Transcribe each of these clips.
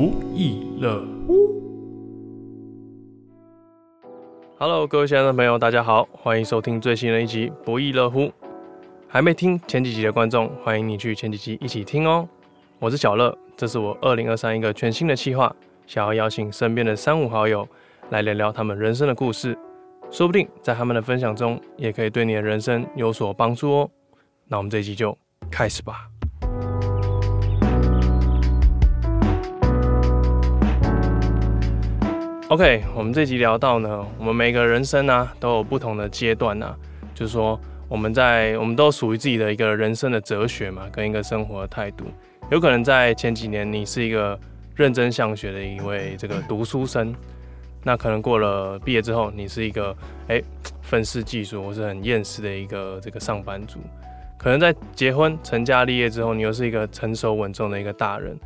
不亦樂乎。Hello，各位親愛的朋友，大家好，歡迎收聽最新的一集《不亦樂乎》。還沒聽前幾集的觀眾，歡迎你去前幾集一起聽哦。我是小樂，這是我二零二三一個全新的計劃，想要邀請身邊的三五好友來聊聊他們人生的故事，說不定在他們的分享中，也可以對你的人生有所幫助哦。那我們這一集就開始吧。OK，我們這集聊到呢，我們每個人生啊都有不同的階段啊，就是說我們在我們都屬於自己的一個人生的哲學嘛，跟一個生活的態度。有可能在前幾年你是一個認真向學的一位這個讀書生，那可能過了畢業之後你是一個哎憤世嫉俗，或是很厭世的一個這個上班族。可能在結婚成家立業之後，你又是一個成熟穩重的一個大人。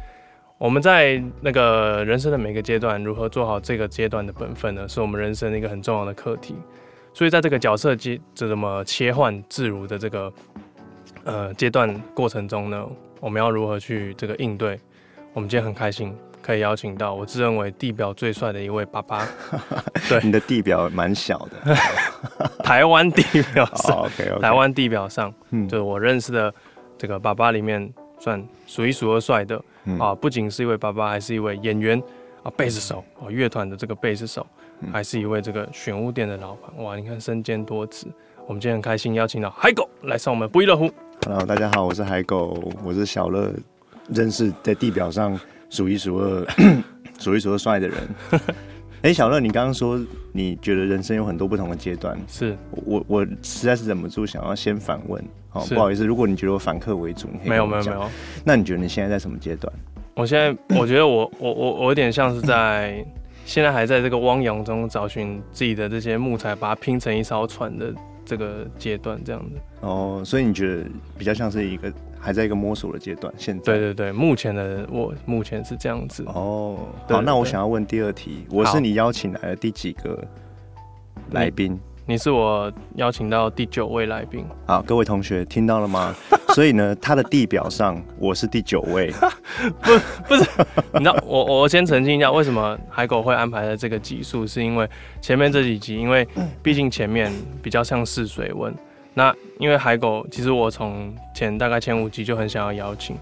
我們在那個人生的每個階段，如何做好這個階段的本分呢？是我們人生的一個很重要的課題。所以在這個角色這怎麼切換自如的這個呃階段過程中呢，我們要如何去這個應對？我們今天很開心可以邀請到我自認為地表最帥的一位爸爸。對， 你的地表蠻小的， 台灣地表。Oh, okay, okay. 台灣地表上，嗯，就是我認識的這個爸爸裡面。算數一數二帥的、嗯、啊，不僅是一位爸爸，還是一位演員啊，貝斯手啊，樂團的這個貝斯手、嗯，還是一位這個選物店的老板哇！你看身兼多職，我們今天很開心邀請到海狗來上我們不亦樂乎。Hello，大家好，我是海狗，我是小樂，認識在地表上數一數二、 數一數二帥的人。 哎、hey，小樂，你剛剛說你覺得人生有很多不同的階段，是我我實在是忍不住想要先反問，好、哦、不好意思，如果你覺得我反客為主，沒有沒有沒有，那你覺得你現在在什麼階段？我現在我覺得我我我我有點像是在 現在還在這個汪洋中找尋自己的這些木材，把它拼成一艘船的。這個階段這樣子哦。所以你覺得比較像是一個還在一個摸索的階段，現在。對對對，目前的我目前是這樣子哦。好，那我想要問第二題，我是你邀請來的第幾個來賓？你是我邀請到第九位來賓。好，各位同學聽到了嗎？ 所以呢，他的地表上我是第九位， 不是不是。你知道，我我先澄清一下，為什麼海狗會安排在這個集數，是因為前面這幾集，因為畢竟前面比較像試水溫。那因為海狗，其實我從前大概前五集就很想要邀請，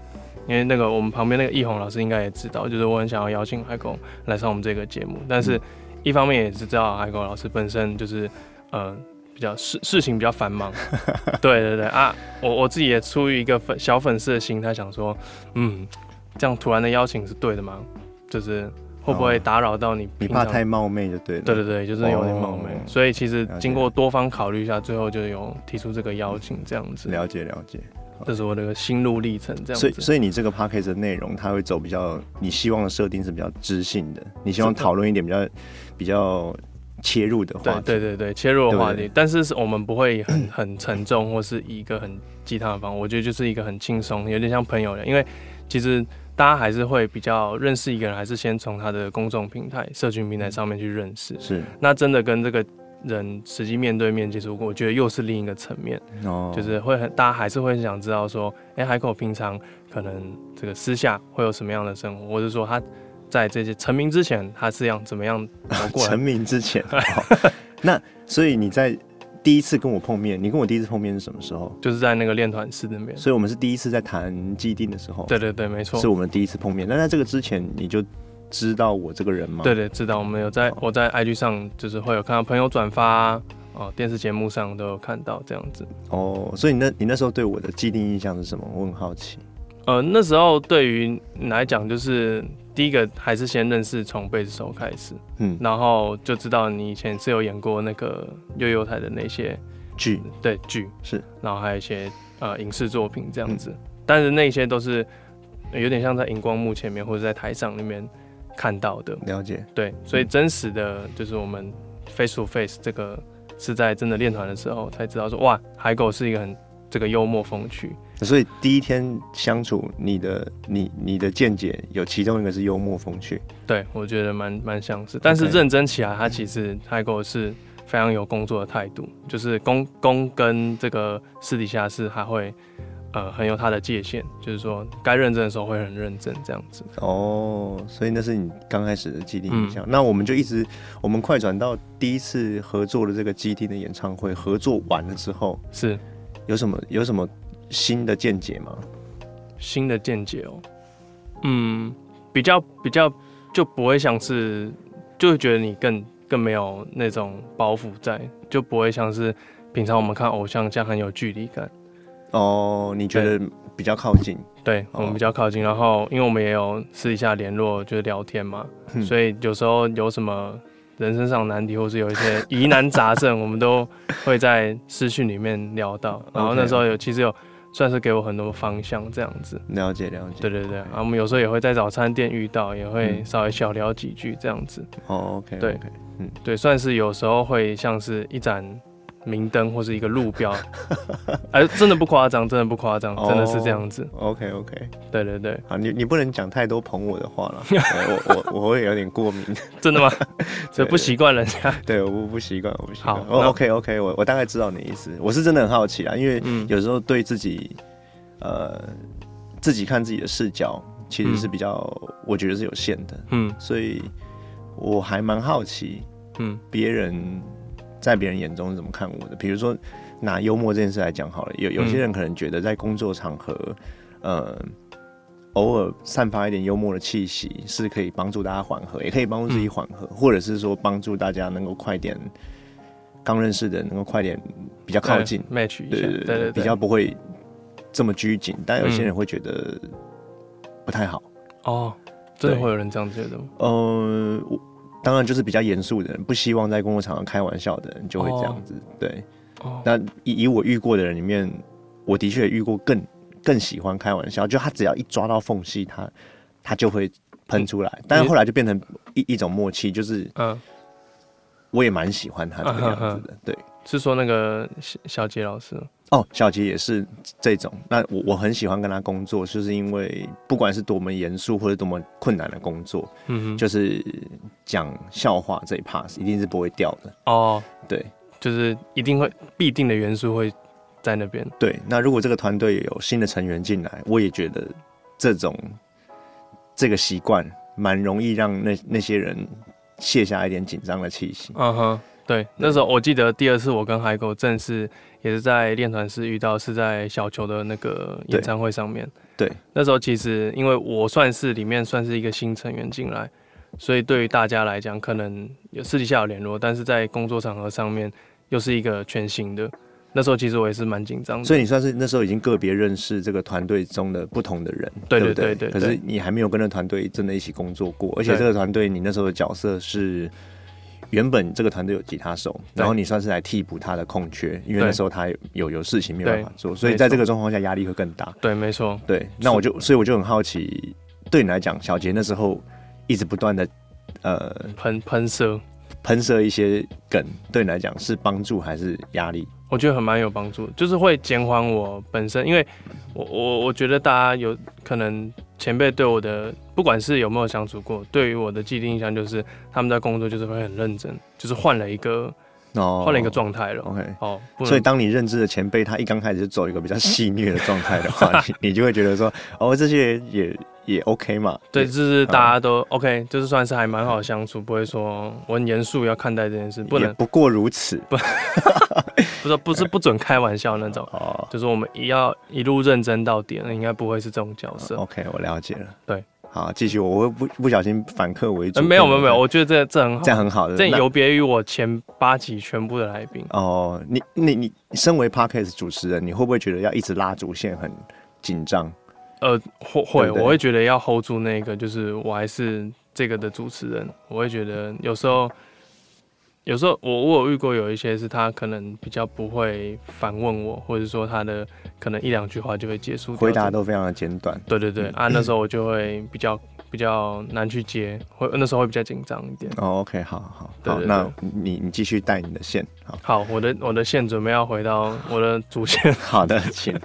因為那個我們旁邊那個易宏老師應該也知道，就是我很想要邀請海狗來上我們這個節目，但是一方面也是知道海狗老師本身就是。嗯、呃，比較事事情比較繁忙， 對對對啊，我我自己也出於一個粉小粉絲的心態，他想說，嗯，這樣突然的邀請是對的嗎？就是會不會打擾到你。哦？你怕太冒昧就對了。對對對，就是有點冒昧。哦，所以其實經過多方考慮一下。嗯，最後就有提出這個邀請這樣子。了解了解，這就是我的心路歷程這樣子。所以所以你這個 Podcast 的內容，他會走比較你希望的設定是比較知性的，你希望討論一點比較比較。切入的話題，對對對對，切入的話題，對對對對，但是是我們不會很很沉重，或是一個很雞湯的方法。我覺得就是一個很輕鬆，有點像朋友的。因為其實大家還是會比較認識一個人，還是先從他的公眾平台、社群平台上面去認識。是，那真的跟這個人實際面對面接觸，我覺得又是另一個層面。哦，就是會很，大家還是會想知道說，哎，海狗平常可能這個私下會有什麼樣的生活，或者說他。在這些成名之前，他是樣怎麼樣走過來 成名之前，哦、 那所以你在第一次跟我碰面，你跟我第一次碰面是什麼時候？就是在那個練團室那邊。所以我們是第一次在談既定的時候。對對對，沒錯，是我們第一次碰面。那在這個之前，你就知道我這個人嗎？對對，對，知道。我們有在我在 IG 上就是會有看到朋友轉發、啊哦、電視節目上都有看到這樣子。哦，所以你那你那時候對我的既定印象是什麼？我很好奇。呃，那時候對於你來講就是。第一個還是先認識從貝斯手開始，嗯，然後就知道你以前是有演過那個幼幼台的那些劇、嗯，對劇是，然後還有一些呃影視作品這樣子、嗯，但是那些都是有點像在熒光幕前面或者在台上裡面看到的了解，對，所以真實的就是我們 face to face 這個是在真的練團的時候才知道說哇，海狗是一個很這個幽默風趣。啊、所以第一天相處你的、你的你你的見解有其中一個是幽默風趣，對，我覺得蠻蠻相似。但是認真起來，他其實、okay. 泰國是非常有工作的態度，就是公公跟這個私底下是還會呃很有他的界限，就是說該認真的時候會很認真這樣子。哦、oh，所以那是你剛開始的既定印象。那我們就一直我們快轉到第一次合作的這個集體的演唱會，合作完了之後是有什麼有什麼？新的見解嗎？新的見解哦、喔，嗯，比較比較就不會像是，就會覺得你更更沒有那種包袱在，就不會像是平常我們看偶像這樣很有距離感。哦，你覺得比較靠近？對，對、哦，我們比較靠近。然後，因為我們也有私底下聯絡，就是聊天嘛，所以有時候有什麼人生上難題，或是有一些疑難雜症， 我們都會在私訊裡面聊到。 然後那時候有，其實有。算是給我很多方向，這樣子。了解了解。對對對，okay. 啊，我們有時候也會在早餐店遇到，也會稍微小聊幾句，這樣子。哦，嗯，oh, OK，對。對，okay，嗯，對，算是有時候會像是一盞明燈或是一個路標， 哎，真的不誇張，真的不誇張，oh, 真的是這樣子。OK，OK，okay, okay. 對對對，啊，你你不能講太多捧我的話了、 欸，我我我會有點過敏。 真的嗎？這不習慣人家，對對對。對，我不習慣，我不習慣。OK，OK，我我大概知道你的意思。我是真的很好奇啊，因為有時候對自己、嗯，呃，自己看自己的視角其實是比較，我覺得是有限的。嗯，所以我還蠻好奇，嗯，別人。在別人眼中是怎麼看我的？比如說，拿幽默這件事來講好了，有有些人可能覺得在工作場合，嗯、呃，偶爾散發一點幽默的氣息是可以幫助大家緩和，也可以幫助自己緩和、嗯，或者是說幫助大家能夠快點剛認識的人能夠快點比較靠近 match 一下，對對對，比較不會這麼拘謹。但有些人會覺得不太好哦，嗯 Oh，真的會有人這樣覺得嗎？嗯、呃，我。當然，就是比較嚴肅的人，不希望在工作場上開玩笑的人，就會這樣子。Oh. 對，oh. 那以以我遇過的人裡面，我的確遇過更更喜歡開玩笑，就他只要一抓到縫隙他，他他就會噴出來、嗯。但是後來就變成一一種默契，就是、嗯、我也蠻喜歡他這樣子的。啊、呵呵對，是說那個小傑老師。哦，小吉也是這種。那我我很喜歡跟他工作，就是因為不管是多麼嚴肅或者多麼困難的工作，嗯哼，就是講笑話這一 part 一定是不會掉的哦。對，就是一定會必定的元素會在那邊。對，那如果這個團隊有新的成員進來，我也覺得這種這個習慣蠻容易讓那那些人卸下一點緊張的氣息。嗯哼，對，那時候我記得第二次我跟海狗正式。也是在練團時遇到，是在小球的那個演唱會上面。對，對那時候其實因為我算是裡面算是一個新成員進來，所以對於大家來講，可能有私底下有聯絡，但是在工作場合上面又是一個全新的。那時候其實我也是蠻緊張的。所以你算是那時候已經個別認識這個團隊中的不同的人，對對，對對對對。可是你還沒有跟着團隊真的一起工作過，而且這個團隊你那時候的角色是。原本這個團隊有吉他手，然後你算是來替補他的空缺，因為那時候他有有事情沒有辦法做，所以在這個狀況下壓力會更大。對，沒錯。對，那我就所以我就很好奇，對你來講，小杰那時候一直不斷的呃噴噴射噴射一些梗，對你來講是幫助還是壓力？我覺得很蠻有幫助，就是會減緩我本身，因為我我我覺得大家有可能前輩對我的，不管是有沒有相處過，對於我的既定印象就是他們在工作就是會很認真，就是換了一個。哦，換了一個狀態了。OK，oh, 哦，所以當你認知的前輩他一剛開始就走一個比較戲謔的狀態的話， 你就會覺得說，哦，這些也也 OK 嘛。對，就是大家都，oh. OK，就是算是還蠻好相處，不會說我很嚴肅要看待這件事，不能也不過如此，不，不 是不是不准開玩笑那種，哦，oh.，就是我們要一路認真到底，應該不會是這種角色。Oh, OK，我了解了。對。好，繼續，我會不不小心反客為主。呃，沒有沒有沒有，我覺得這這很好，這很好的，這有別於我前八集全部的來賓。哦，你你你，你身為 podcast 主持人，你會不會覺得要一直拉主線很緊張？呃，會會，我會覺得要 hold 住那個，就是我還是這個的主持人，我會覺得有時候。有時候我我有遇過有一些是他可能比較不會反問我，或者說他的可能一兩句話就會結束，回答都非常的簡短。對對對、嗯、啊，那時候我就會比較比較難去接，會那時候會比較緊張一點。哦，OK，好好好，那你你繼續帶你的線。好，好我的我的線準備要回到我的主線。 好的，請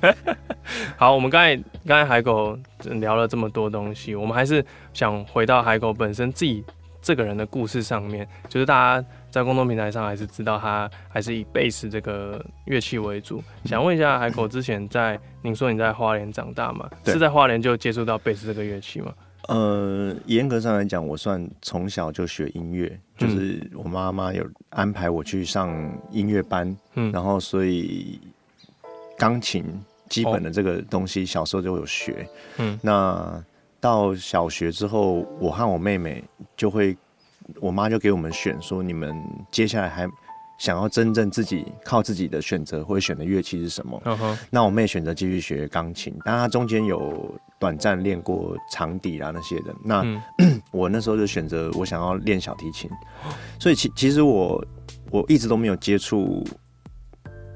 好，我們剛才剛才海狗聊了這麼多東西，我們還是想回到海狗本身自己這個人的故事上面，就是大家。在公眾平台上還是知道他還是以貝斯這個樂器為主。想問一下海狗，之前在 您說你在花蓮長大嘛？對。是在花蓮就接觸到貝斯這個樂器嗎？呃，嚴格上來講，我算從小就學音樂，就是我媽媽有安排我去上音樂班，嗯，然後所以鋼琴基本的這個東西小時候就有學，嗯。那到小學之後，我和我妹妹就會。我媽就給我們選說：“你們接下來還想要真正自己靠自己的選擇會選的樂器是什麼？”哦、那我妹選擇繼續學鋼琴，但她中間有短暫練過長笛啊那些的。那、嗯、我那時候就選擇我想要練小提琴，所以其其實我我一直都沒有接觸，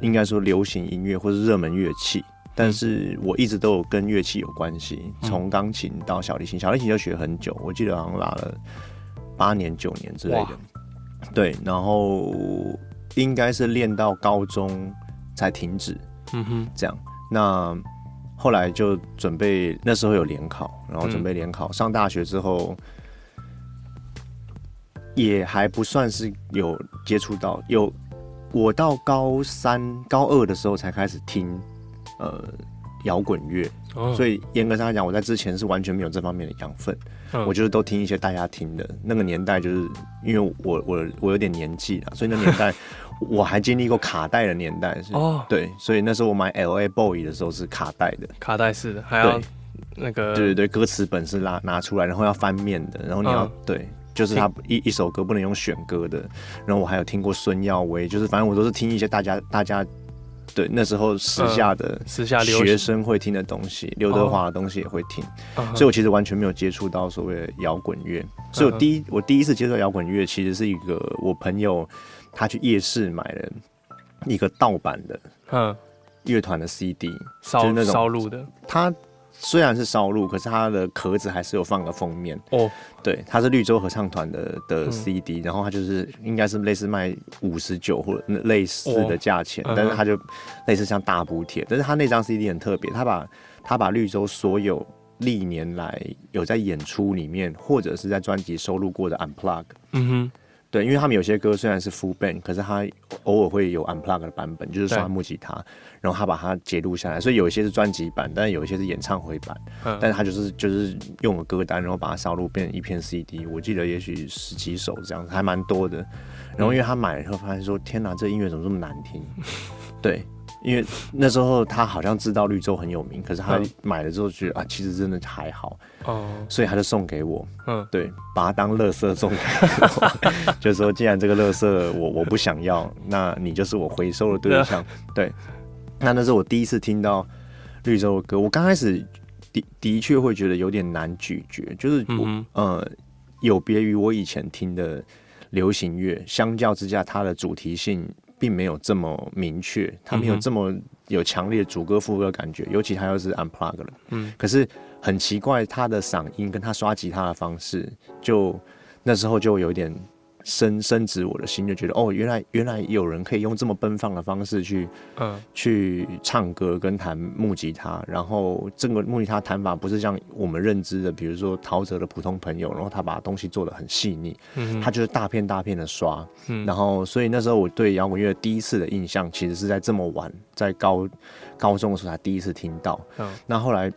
應該說流行音樂或是熱門樂器，但是我一直都有跟樂器有關係，從、嗯、鋼琴到小提琴，小提琴就學很久，我記得好像拉了。八年、九年之類的，對，然後應該是練到高中才停止，嗯哼，這樣。那後來就準備，那時候有聯考，然後準備聯考，嗯。上大學之後，也還不算是有接觸到，有我到高三、高二的時候才開始聽呃搖滾樂。所以嚴格上來講，我在之前是完全沒有這方面的養分，我就是都聽一些大家聽的。那個年代就是因為我我我有點年紀啦，所以那年代我還經歷過卡帶的年代，是哦，對，所以那時候我買 L A Boy 的時候是卡帶的，卡帶式的，還要那個，對對對，對，歌詞本是拿拿出來，然後要翻面的，然後你要對，就是他一一首歌不能用選歌的。然後我還有聽過孫耀威，就是反正我都是聽一些大家大家。對，那時候時下的學生會聽的東西，劉、呃、德華的東西也會聽，哦呵呵，所以我其實完全沒有接觸到所謂的搖滾樂。所以我第一我第一次接觸到搖滾樂，其實是一個我朋友他去夜市買了一個盜版的樂團的 CD，、哦、就是那種燒錄的他。雖然是燒錄，可是它的殼子還是有放個封面哦。Oh. 對，它是綠洲合唱團的的 CD，、嗯、然後它就是應該是類似賣五十九或者類似的價錢，oh. uh -huh. 但是它就類似像大補帖。但是它那張 CD 很特別，它把它把綠洲所有歷年來有在演出裡面或者是在專輯收錄過的 Unplug，、嗯對，因為他們有些歌雖然是 full band，可是他偶爾會有 unplugged 的版本，就是刷木吉他，然後他把它截錄下來，所以有一些是專輯版，但是有一些是演唱會版。嗯，但是他就是就是用個歌單，然後把它燒錄變成一片 CD。我記得也許十幾首這樣子，還蠻多的。然後因為他買了以後，發現說天哪，啊，這個音樂怎麼這麼難聽？ 對。因為那時候他好像知道綠洲很有名，可是他買了之後覺得、嗯、啊，其實真的還好，哦、嗯，所以他就送給我，嗯，對，把他當樂色送給我， 就是說，既然這個樂色我我不想要，那你就是我回收的對象，嗯、對，那那是我第一次聽到綠洲的歌，我剛開始的的確會覺得有點難咀嚼，就是嗯、呃，有別於我以前聽的流行樂，相較之下，它的主題性。並沒有這麼明確，他沒有這麼有強烈的主歌副歌的感覺，嗯、尤其他又是 unplug 了。嗯，可是很奇怪，他的嗓音跟他刷吉他的方式，就那時候就有一點。深深植我的心，就覺得哦，原來原來有人可以用這麼奔放的方式去、嗯、去唱歌跟彈木吉他，然後這個木吉他彈法不是像我們認知的，比如說陶喆的普通朋友，然後他把東西做得很細膩、嗯，他就是大片大片的刷，嗯、然後所以那時候我對搖滾樂第一次的印象其實是在這麼晚，在高高中的時候才第一次聽到，嗯、那後來。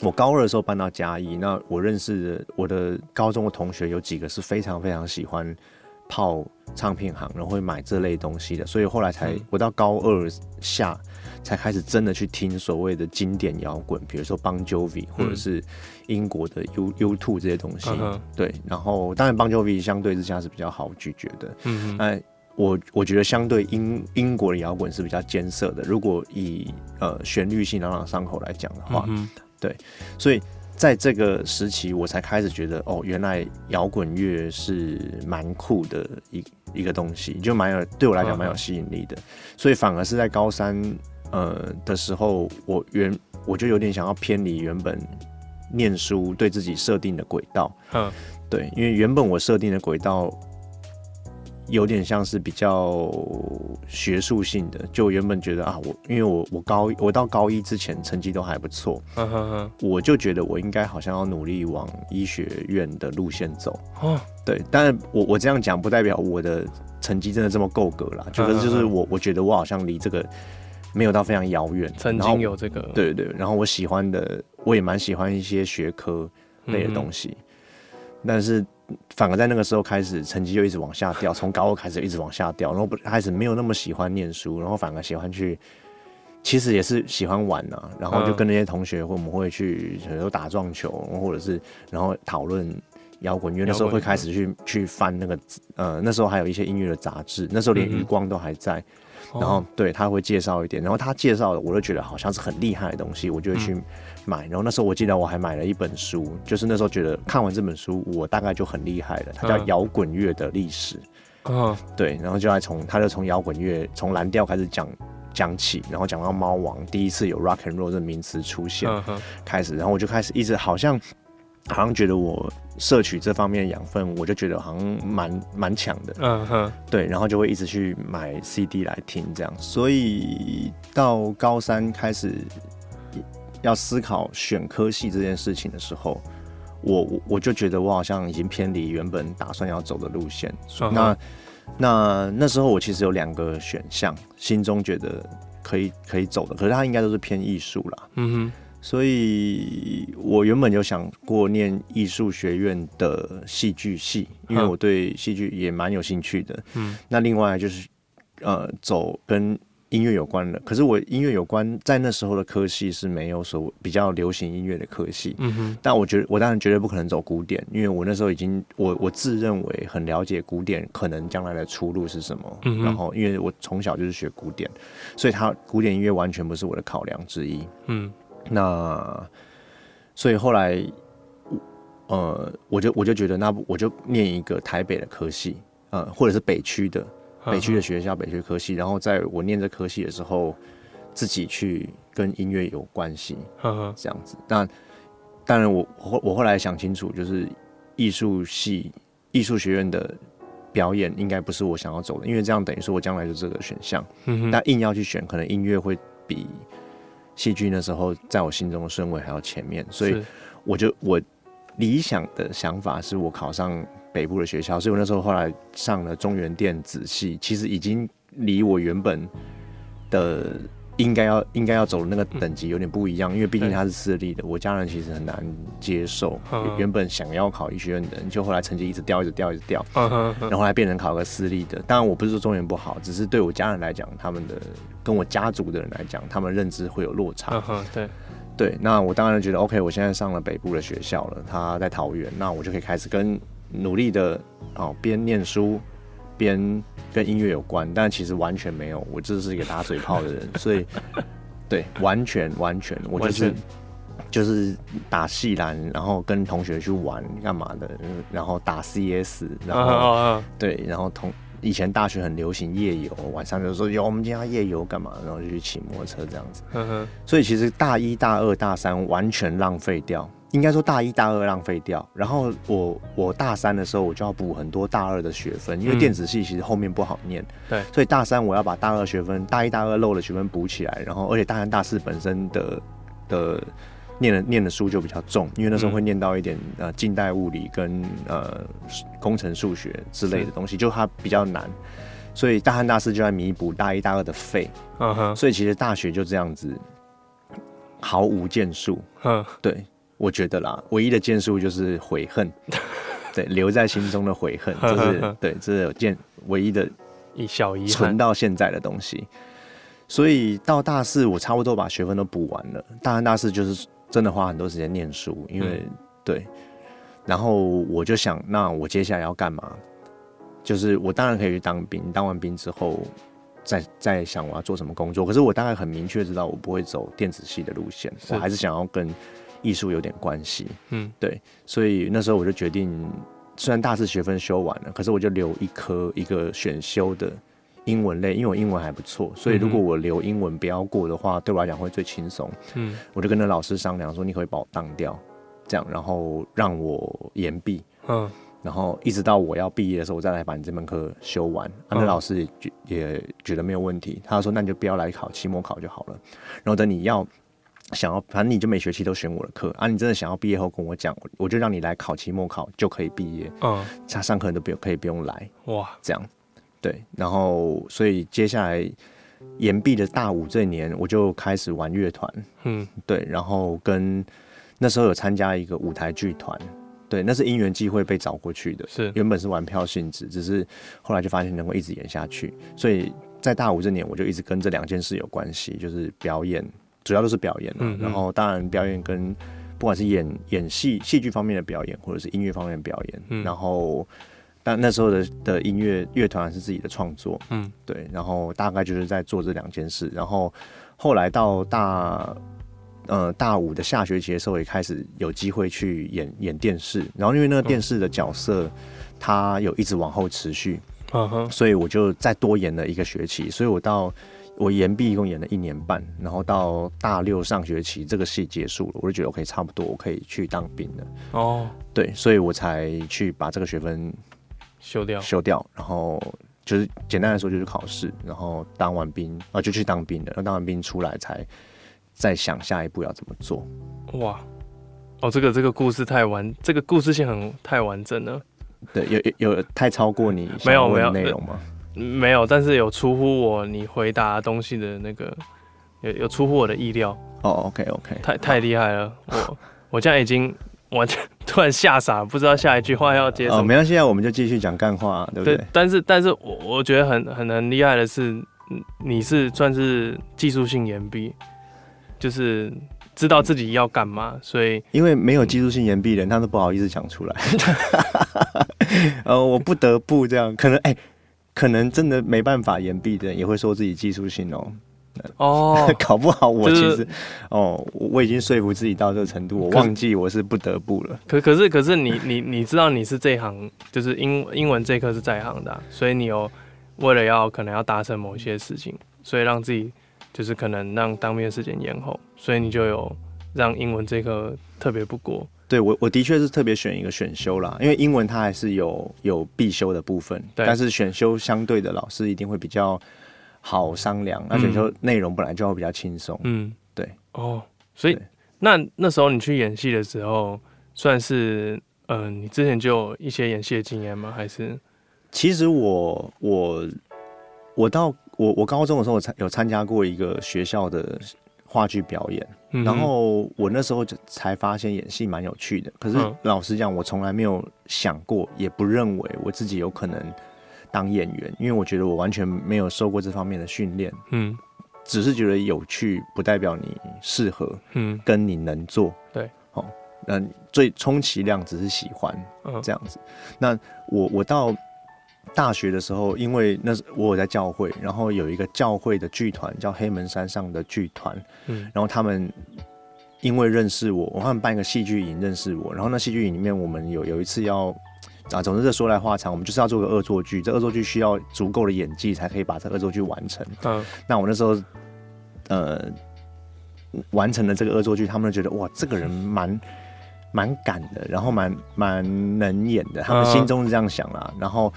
我高二的時候搬到嘉義，那我認識的我的高中的同學有幾個是非常非常喜歡泡唱片行，然後會買這類東西的，所以後來才、嗯、我到高二下才開始真的去聽所謂的經典搖滾，比如說邦喬維或者是英國的 U、嗯、U2 這些東西呵呵。對，然後當然邦喬維相對之下是比較好咀嚼的。嗯嗯。那我我覺得相對英英國的搖滾是比較艱澀的，如果以呃旋律性朗朗上口來講的話。嗯對，所以在這個時期，我才開始覺得，哦，原來搖滾樂是蠻酷的一一個東西，就蠻有對我來講蠻有吸引力的。嗯，嗯。所以反而是在高三，呃的時候，我原我就有點想要偏離原本念書對自己設定的軌道。嗯，對，因為原本我設定的軌道。有點像是比較學術性的，就原本覺得啊，我因為我我高我到高一之前成績都還不錯，啊，我就覺得我應該好像要努力往醫學院的路線走哦。對，但是我我這樣講不代表我的成績真的這麼夠格啦，啊、哈哈就是就是我我覺得我好像離這個沒有到非常遙遠，曾經有這個，對，對對，然後我喜歡的我也蠻喜歡一些學科類的東西，嗯、但是。反而在那個時候開始，成績就一直往下掉，從高二開始一直往下掉，然後不開始沒有那麼喜歡念書，然後反而喜歡去，其實也是喜歡玩吶、啊，然後就跟那些同學或我們會去，有時候打撞球，或者是然後討論搖滾樂，那時候會開始去去翻那個呃那時候還有一些音樂的雜誌，那時候連余光都還在，嗯嗯然後對他會介紹一點，然後他介紹的我就覺得好像是很厲害的東西，我就會去。嗯買，然後那時候我記得我還買了一本書，就是那時候覺得看完這本書我大概就很厲害了。它叫《搖滾樂的歷史》。嗯、啊。對，然後就來從，他就從搖滾樂，從藍調開始講講起，然後講到貓王第一次有 rock and roll 這個名詞出現、啊啊、開始，然後我就開始一直好像好像覺得我攝取這方面的養分，我就覺得好像蠻蠻強的。嗯、啊、哼、啊。對，然後就會一直去買 CD 來聽，這樣，所以到高三開始。要思考選科系這件事情的時候，我我就覺得我好像已經偏離原本打算要走的路線。哦、那那那時候我其實有兩個選項，心中覺得可以可以走的，可是他應該都是偏藝術啦、嗯哼。所以我原本有想過念藝術學院的戲劇系，因為我對戲劇也蠻有興趣的、嗯。那另外就是，呃，走跟。音樂有關的，可是我音樂有關在那時候的科系是沒有所謂比較流行音樂的科系，嗯哼。但我覺得我當然絕對不可能走古典，因為我那時候已經我我自認為很了解古典可能將來的出路是什麼，嗯、然後因為我從小就是學古典，所以他古典音樂完全不是我的考量之一，嗯。那所以後來我呃，我就我就覺得那我就念一個台北的科系，呃，或者是北區的。北區的學校，呵呵，北區科系，然後在我念這科系的時候，自己去跟音樂有關係，這樣子。那當然，當然我後我後來想清楚，就是藝術系、藝術學院的表演應該不是我想要走的，因為這樣等於說我將來就這個選項、嗯哼。但硬要去選，可能音樂會比戲劇那時候在我心中的順位還要前面，所以我就我理想的想法是我考上。北部的學校，所以我那時候後來上了中原電子系。其實已經離我原本的應該要應該要走的那個等級有點不一樣，因為畢竟他是私立的、嗯，我家人其實很難接受。嗯、原本想要考醫學院的人，就後來成績一直掉，一直掉，一直掉，嗯、然後後來變成考個私立的。當然，我不是說中原不好，只是對我家人來講，他們的跟我家族的人來講，他們認知會有落差。對、嗯、對，那我當然覺得 OK，我現在上了北部的學校了，他在桃園，那我就可以開始跟。努力的哦，邊念書邊跟音樂有關，但其實完全沒有。我就是一個打嘴炮的人， 所以對，完全完全，我就是就是打系籃，然後跟同學去玩幹嘛的，然後打 CS，然後、啊、呵呵對，然後同以前大學很流行夜遊，晚上就說有、哦，我們今天要夜遊幹嘛？然後就去騎摩托車這樣子。啊、所以其實大一、大二、大三完全浪費掉。應該說大一大二浪費掉，然後我我大三的時候我就要補很多大二的學分，嗯，因為電子系其實後面不好念，對，所以大三我要把大二學分，大一大二漏的學分補起來，然後而且大三大四本身的的念的念的書就比較重，因為那時候會念到一點，嗯、呃近代物理跟呃工程數學之類的東西，就它比較難，所以大三大四就在彌補大一大二的廢，嗯、uh、哼 -huh，所以其實大學就這樣子毫無建樹，嗯、uh-huh，對。我覺得啦，唯一的建樹就是悔恨， 對，留在心中的悔恨，就是 對，這、就是建唯一的一小遺存到現在的東西。所以到大四，我差不多把學分都補完了。大三、大四就是真的花很多時間念書，因為、嗯、對。然後我就想，那我接下來要幹嘛？就是我當然可以去當兵，當完兵之後再再想我要做什麼工作。可是我大概很明確知道，我不會走電子系的路線，我還是想要跟。藝術有點關係，嗯，對，所以那時候我就決定，雖然大四學分修完了，可是我就留一科一個選修的英文類，因為我英文還不錯，所以如果我留英文不要過的話，嗯、對我來講會最輕鬆，嗯，我就跟那老師商量說，你可，可以把我當掉，這樣，然後讓我延畢，嗯、哦，然後一直到我要畢業的時候，我再來把你這門課修完，啊、那老師也也覺得沒有問題，哦、他說，那你就不要來考，期末考就好了，然後等你要。想要反正你就每學期都選我的課啊！你真的想要畢業後跟我講，我就讓你來考期末考就可以畢業。嗯，他上課你都不用，可以不用來。哇，這樣，對。然後，所以接下來延畢的大五這年，我就開始玩樂團。嗯，對。然後跟那時候有參加一個舞台劇團，對，那是因緣際會被找過去的。是，原本是玩票性質，只是後來就發現能夠一直演下去，所以在大五這年，我就一直跟這兩件事有關係，就是表演。主要都是表演，嗯，然後當然表演跟不管是演演戲、戲劇方面的表演，或者是音樂方面的表演，嗯，然後但那時候的的音樂樂團還是自己的創作，嗯，對，然後大概就是在做這兩件事，然後後來到大呃大五的下學期的時候，也開始有機會去演演電視，然後因為那個電視的角色，嗯，他有一直往後持續，嗯哼，所以我就再多演了一個學期，所以我到。我研畢一共演了一年半，然後到大六上學期這個戲結束了，我就覺得我可以差不多，我可以去當兵了。哦，對，所以我才去把這個學分修掉，修掉，修掉，然後就是簡單來說就是考試，然後當完兵啊、呃、就去當兵了，然後當完兵出來才再想下一步要怎麼做。哇，哦，這個這個故事太完，這個故事性很太完整了。對，有有有太超過你沒有沒有內容嗎？沒有，但是有出乎我你回答東西的那個，有有出乎我的意料。哦、oh，OK OK，太太厲害了，我我現在已經完全突然嚇傻，不知道下一句話要接什麼。哦，沒關係、啊、我們就繼續講幹話、啊，對不對，對？但是，但是我我覺得很很很厲害的是，你是算是技術性岩壁，就是知道自己要幹嘛，所以因為沒有技術性岩壁的人，他都不好意思講出來。 呃，我不得不這樣，可能哎。欸可能真的沒辦法言必的人，也會說自己技術性哦、喔。哦、oh, 搞不好我其實、就是，哦，我已經說服自己到這個程度，我忘記我是不得不了。可可是可是，可是你你你知道你是這一行，就是英英文這科是在行的、啊，所以你有為了要可能要達成某些事情，所以讓自己就是可能讓當面事件延後，所以你就有讓英文這科特別不過。對我，我的確是特別選一個選修啦，因為英文它還是有有必修的部分，但是選修相對的老師一定會比較好商量，嗯、而選修內容本來就會比較輕鬆，嗯，對，哦，所以那那時候你去演戲的時候，算是嗯、呃，你之前就有一些演戲的經驗嗎？還是？其實我我我到我我高中的時候，我參有參加過一個學校的話劇表演。嗯、然後我那時候就才發現演戲蠻有趣的，可是老實講，我從來沒有想過、嗯，也不認為我自己有可能當演員，因為我覺得我完全沒有受過這方面的訓練。嗯，只是覺得有趣不代表你適合，嗯，跟你能做，嗯、對，好，嗯，最充其量只是喜歡這樣子。嗯、那我我到。大學的時候，因為那是我有在教會，然後有一個教會的劇團叫黑門山上的劇團，嗯，然後他們因為認識我，我他們辦一個戲劇營認識我，然後那戲劇營裡面我們有有一次要啊，總之這說來話長，我們就是要做個惡作劇，這惡作劇需要足夠的演技才可以把這惡作劇完成。嗯、啊，那我那時候呃完成了這個惡作劇，他們都覺得哇，這個人蠻蠻敢的，然後蠻蠻能演的，他們心中是這樣想了、啊，然後。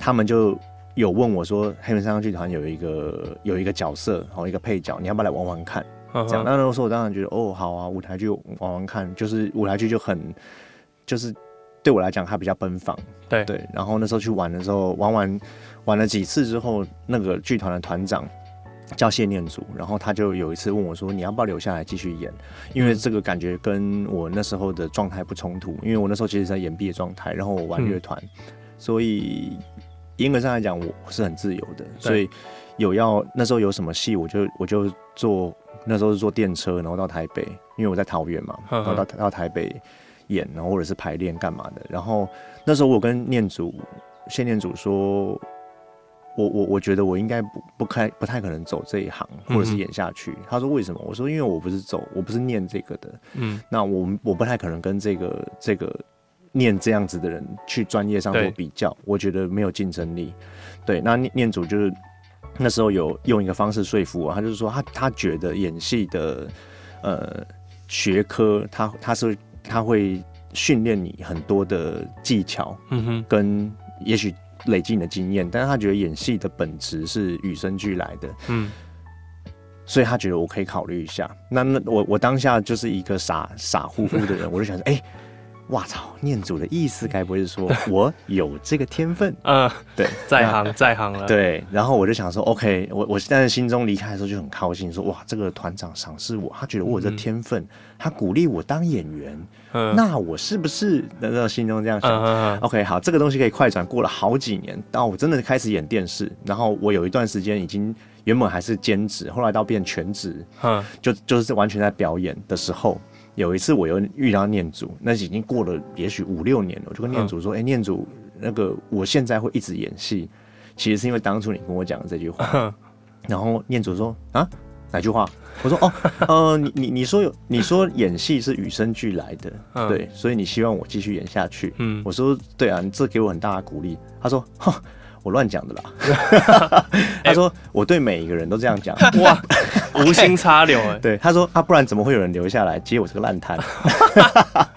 他們就有問我說：“黑門山上劇團有一個有一個角色，然、喔、後一個配角，你要不要來玩玩看？”呵呵這樣。那時候我當然覺得哦，好啊，舞台劇玩玩看，就是舞台劇就很，就是對我來講它比較奔放，對對。然後那時候去玩的時候，玩完玩了幾次之後，那個劇團的團長叫謝念祖，然後他就有一次問我說：“你要不要留下來繼續演？”因為這個感覺跟我那時候的狀態不衝突、嗯，因為我那時候其實是在演畢的狀態，然後我玩樂團、嗯，所以。嚴格上來講，我是很自由的，所以有要那時候有什麼戲，我就我就坐那時候是坐電車，然後到台北，因為我在桃園嘛，到到到台北演，然後或者是排練幹嘛的。然後那時候我跟念祖謝念祖說，我我我覺得我應該不不開不太可能走這一行，或者是演下去。嗯，他說為什麼？我說因為我不是走我不是念這個的，嗯，那我我不太可能跟這個這個。念這樣子的人去專業上做比較，我覺得沒有競爭力。對，那念念祖就是那時候有用一個方式說服我，他就是說他他覺得演戲的呃學科，他他是他會訓練你很多的技巧，嗯哼，跟也許累積你的經驗，但是他覺得演戲的本質是與生俱來的，嗯，所以他覺得我可以考慮一下。那那我我當下就是一個傻傻乎乎的人， 我就想說，哎、欸。哇操！念祖的意思該不會是說我有這個天分？嗯，對，在行在行了。對，然後我就想說，OK，我我現在心中離開的時候就很高興，說哇，這個團長賞識我，他覺得我有這天分，他鼓勵我當演員。嗯，那我是不是能在心中這樣想、嗯、呵呵？OK，好，這個東西可以快轉。過了好幾年，當我真的開始演電視。然後我有一段時間已經原本還是兼職，後來到變全職，嗯，就就是完全在表演的時候。有一次我又遇到念祖，那已經過了也許五六年了。我就跟念祖說：“哎、嗯、欸，念祖，那個我現在會一直演戲，其實是因為當初你跟我講的這句話。嗯”然後念祖說：“啊，哪句話？”我說：“哦，呃、你你你說有你說演戲是與生俱來的、嗯，對，所以你希望我繼續演下去。嗯”我說：“對啊，你這給我很大的鼓勵。”他說：“哈。”我亂講的啦， 他說我對每一個人都這樣講 哇 無心插柳哎，對，他說啊，不然怎麼會有人留下來接我這個爛攤？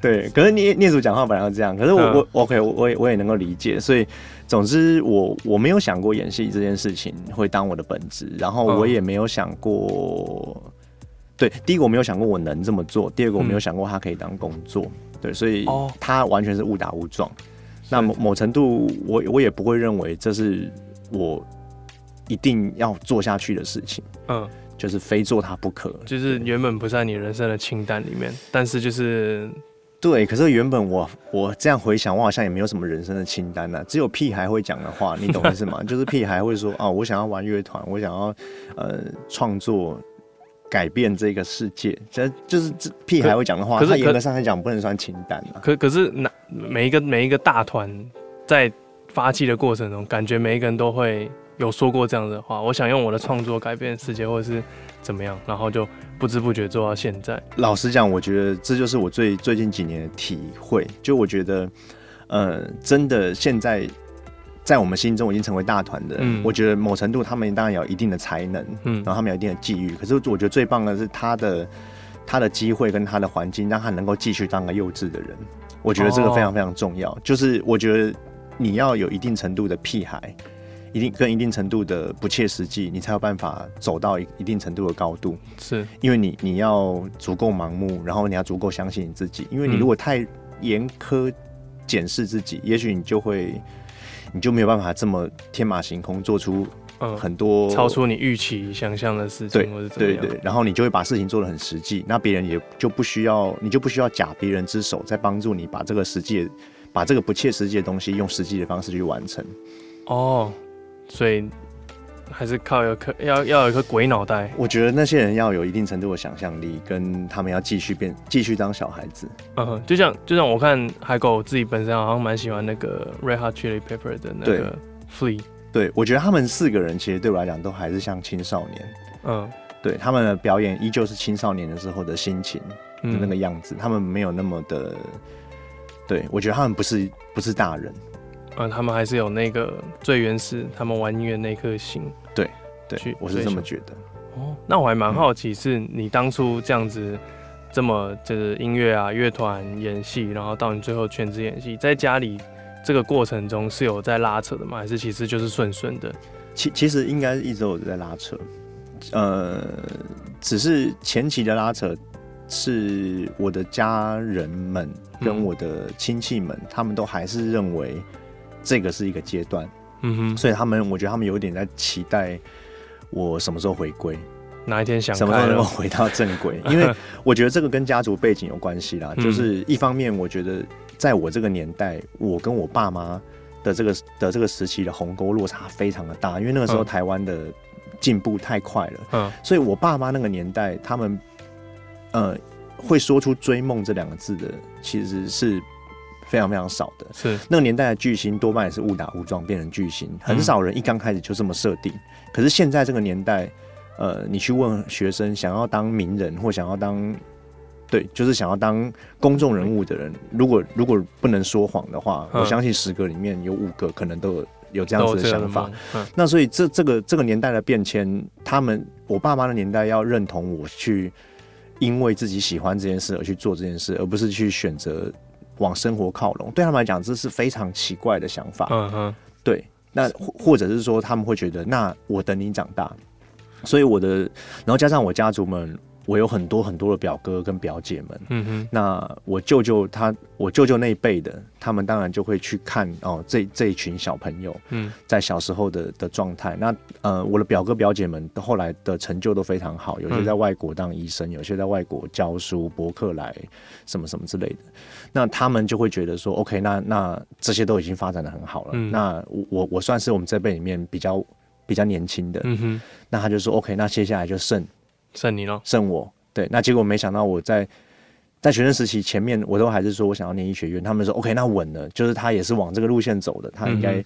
對，可是聶聶主講話本來是這樣，可是我、嗯、我 OK，我我也我也能夠理解，所以總之我我沒有想過演戲這件事情會當我的本職，然後我也沒有想過，對，第一個我沒有想過我能這麼做，第二個我沒有想過他可以當工作，對，所以他完全是誤打誤撞。那某某程度我，我我也不會認為這是我一定要做下去的事情，嗯，就是非做它不可，就是原本不是在你人生的清單裡面，但是就是對，可是原本我我這樣回想，我好像也沒有什麼人生的清單啊，只有屁孩會講的話，你懂是嗎？ 就是屁孩會說啊、哦，我想要玩樂團，我想要呃創作，改變這個世界，這就，就是屁孩會講的話，可是嚴格上來講，不能算清單啊，可可是那。每一個每一個大團在發跡的過程中，感覺每一個人都會有說過這樣的話。我想用我的創作改變世界，或者是怎麼樣，然後就不知不覺做到現在。老實講，我覺得這就是我最最近幾年的體會。就我覺得，呃，真的現在在我們心中已經成為大團的人、嗯，我覺得某程度他們當然有一定的才能，嗯，然後他們有一定的際遇。可是我覺得最棒的是他的他的機會跟他的環境，讓他能夠繼續當個幼稚的人。我覺得這個非常非常重要，oh. 就是我覺得你要有一定程度的屁孩，一定跟一定程度的不切實際，你才有辦法走到一定程度的高度。是，因為你你要足夠盲目，然後你要足夠相信你自己。因為你如果太嚴苛檢視自己，嗯、也許你就會，你就沒有辦法這麼天馬行空做出。嗯、很多超出你預期想象的事情對或怎麼樣，對對對，然後你就會把事情做得很實際，那別人也就不需要，你就不需要假別人之手再幫助你把這個實際，把這個不切實際的東西用實際的方式去完成。哦，所以還是靠一顆要要有一顆鬼腦袋。我覺得那些人要有一定程度的想象力，跟他們要繼續變，繼續當小孩子。嗯哼，就像就像我看海狗我自己本身好像蠻喜歡那個 Red Hot Chili Pepper 的那個 Flea。對，我覺得他們四個人其實對我來講都還是像青少年，嗯，對，他們的表演依舊是青少年的時候的心情，嗯、的那個樣子，他們沒有那麼的，對我覺得他們不是不是大人，嗯，他們還是有那個最原始他們玩音樂那顆心，對對，我是這麼覺得。哦，那我還蠻好奇，是你當初這樣子，這麼就是音樂啊，樂團演戲，然後到你最後全職演戲，在家裡。這個過程中是有在拉扯的嗎？還是其實就是順順的？其其實應該一直都有在拉扯，呃，只是前期的拉扯是我的家人們跟我的親戚們，嗯、他們都還是認為這個是一個階段，嗯哼，所以他們我覺得他們有點在期待我什麼時候回歸，哪一天想，什麼時候能夠回到正軌？ 因為我覺得這個跟家族背景有關係啦，就是一方面我覺得。在我這個年代，我跟我爸媽的這個的這個時期的鴻溝落差非常的大，因為那個時候台灣的進步太快了。嗯，所以我爸媽那個年代，他們呃會說出“追夢”這兩個字的，其實是非常非常少的。是那個年代的巨星，多半也是誤打誤撞變成巨星，很少人一剛開始就這麼設定，嗯。可是現在這個年代，呃，你去問學生，想要當名人或想要當。對，就是想要當公眾人物的人，如果如果不能說謊的話、嗯，我相信十個裡面有五個可能都有有這樣子的想法，哦的嗯。那所以這這個這個年代的變遷，他們我爸媽的年代要認同我去，因為自己喜歡這件事而去做這件事，而不是去選擇往生活靠攏，對他們來講這是非常奇怪的想法。嗯哼、嗯，對，那或或者是說他們會覺得，那我等你長大，所以我的，然後加上我家族們。我有很多很多的表哥跟表姐們，嗯哼、那我舅舅他，我舅舅那一輩的，他們當然就會去看哦、呃，這這一群小朋友，在小時候的的狀態。那呃，我的表哥表姐們後來的成就都非常好，有些在外國當醫生，嗯、有些在外國教書、博客來什麼什麼之類的。那他們就會覺得說，OK，那那這些都已經發展得很好了。嗯哼、那我我算是我們這輩裡面比較比較年輕的，嗯哼、那他就說，OK，那接下來就剩。剩你咯，剩我。對，那結果沒想到我在在學生時期前面，我都還是說我想要念醫學院。他們說 OK，那穩了，就是他也是往這個路線走的。他應該、嗯嗯、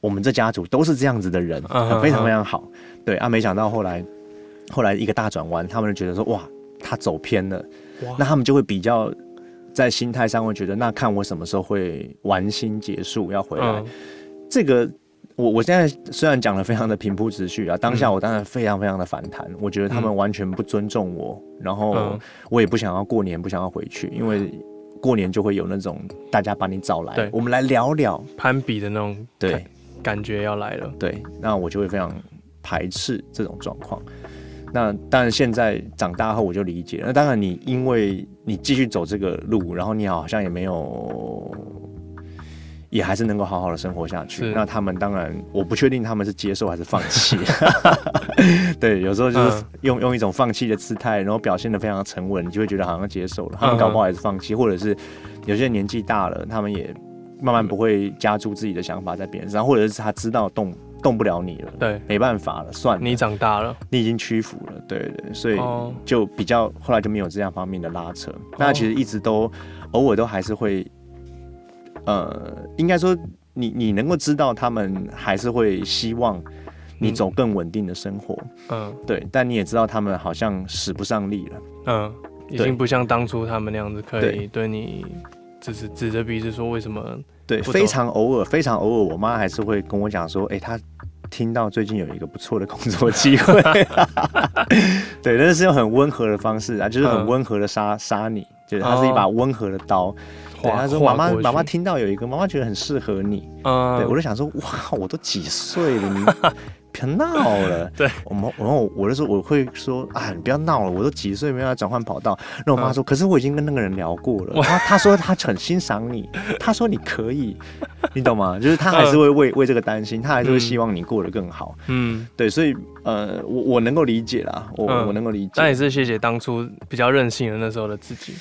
我們這家族都是這樣子的人，嗯嗯，非常非常好。嗯嗯，對啊，沒想到後來後來一個大轉彎，他們就覺得說哇，他走偏了。那他們就會比較在心態上會覺得，那看我什麼時候會玩心結束要回來。嗯、這個。我我現在雖然講得非常的平鋪直敘啊，當下我當然非常非常的反彈、嗯，我覺得他們完全不尊重我，嗯、然後我也不想要過年，不想要回去、嗯，因為過年就會有那種大家把你找來，對我們來聊聊攀比的那種對感覺要來了，對，那我就會非常排斥這種狀況。那當然現在長大後我就理解了，那當然你因為你繼續走這個路，然後你好像也沒有。也還是能夠好好的生活下去。那他們當然，我不確定他們是接受還是放棄。 對，有時候就是用、嗯、用一種放棄的姿態，然後表現得非常沉穩，你就會覺得好像接受了。他們搞不好還是放棄、嗯，或者是有些年紀大了，他們也慢慢不會加諸自己的想法在別人身上，或者是他知道動動不了你了，對，沒辦法了，算了，你長大了，你已經屈服了，對，對對，所以就比較後來就沒有這樣方面的拉扯。哦、那其實一直都偶爾都還是會。呃，應該說你，你你能夠知道，他們還是會希望你走更穩定的生活。嗯，嗯，對。但你也知道，他們好像使不上力了，嗯，已經不像當初他們那樣子可以對你，就是指着鼻子說為什麼？對，非常偶爾，非常偶爾，我媽還是會跟我講說，哎、欸，她聽到最近有一個不錯的工作機會， 對，但是用很溫和的方式啊，就是很溫和的殺殺、嗯、你，就是它是一把溫和的刀。哦對他、啊、說媽媽：“媽媽，媽媽聽到有一個媽媽覺得很適合你，嗯、對我就想說，哇，我都幾歲了，你別鬧了。 ”對，我媽，然後我就說：“我會說啊，你不要鬧了，我都幾歲，沒辦法轉換跑道。”那我媽說：“可是我已經跟那個人聊過了，她她說她很欣賞你，她 說你可以，你懂嗎？就是她還是會為、嗯、為這個擔心，她還是會希望你過得更好。”嗯，對，所以呃，我我能夠理解啦，我、嗯、我能夠理解。那也是謝謝當初比較任性的那時候的自己。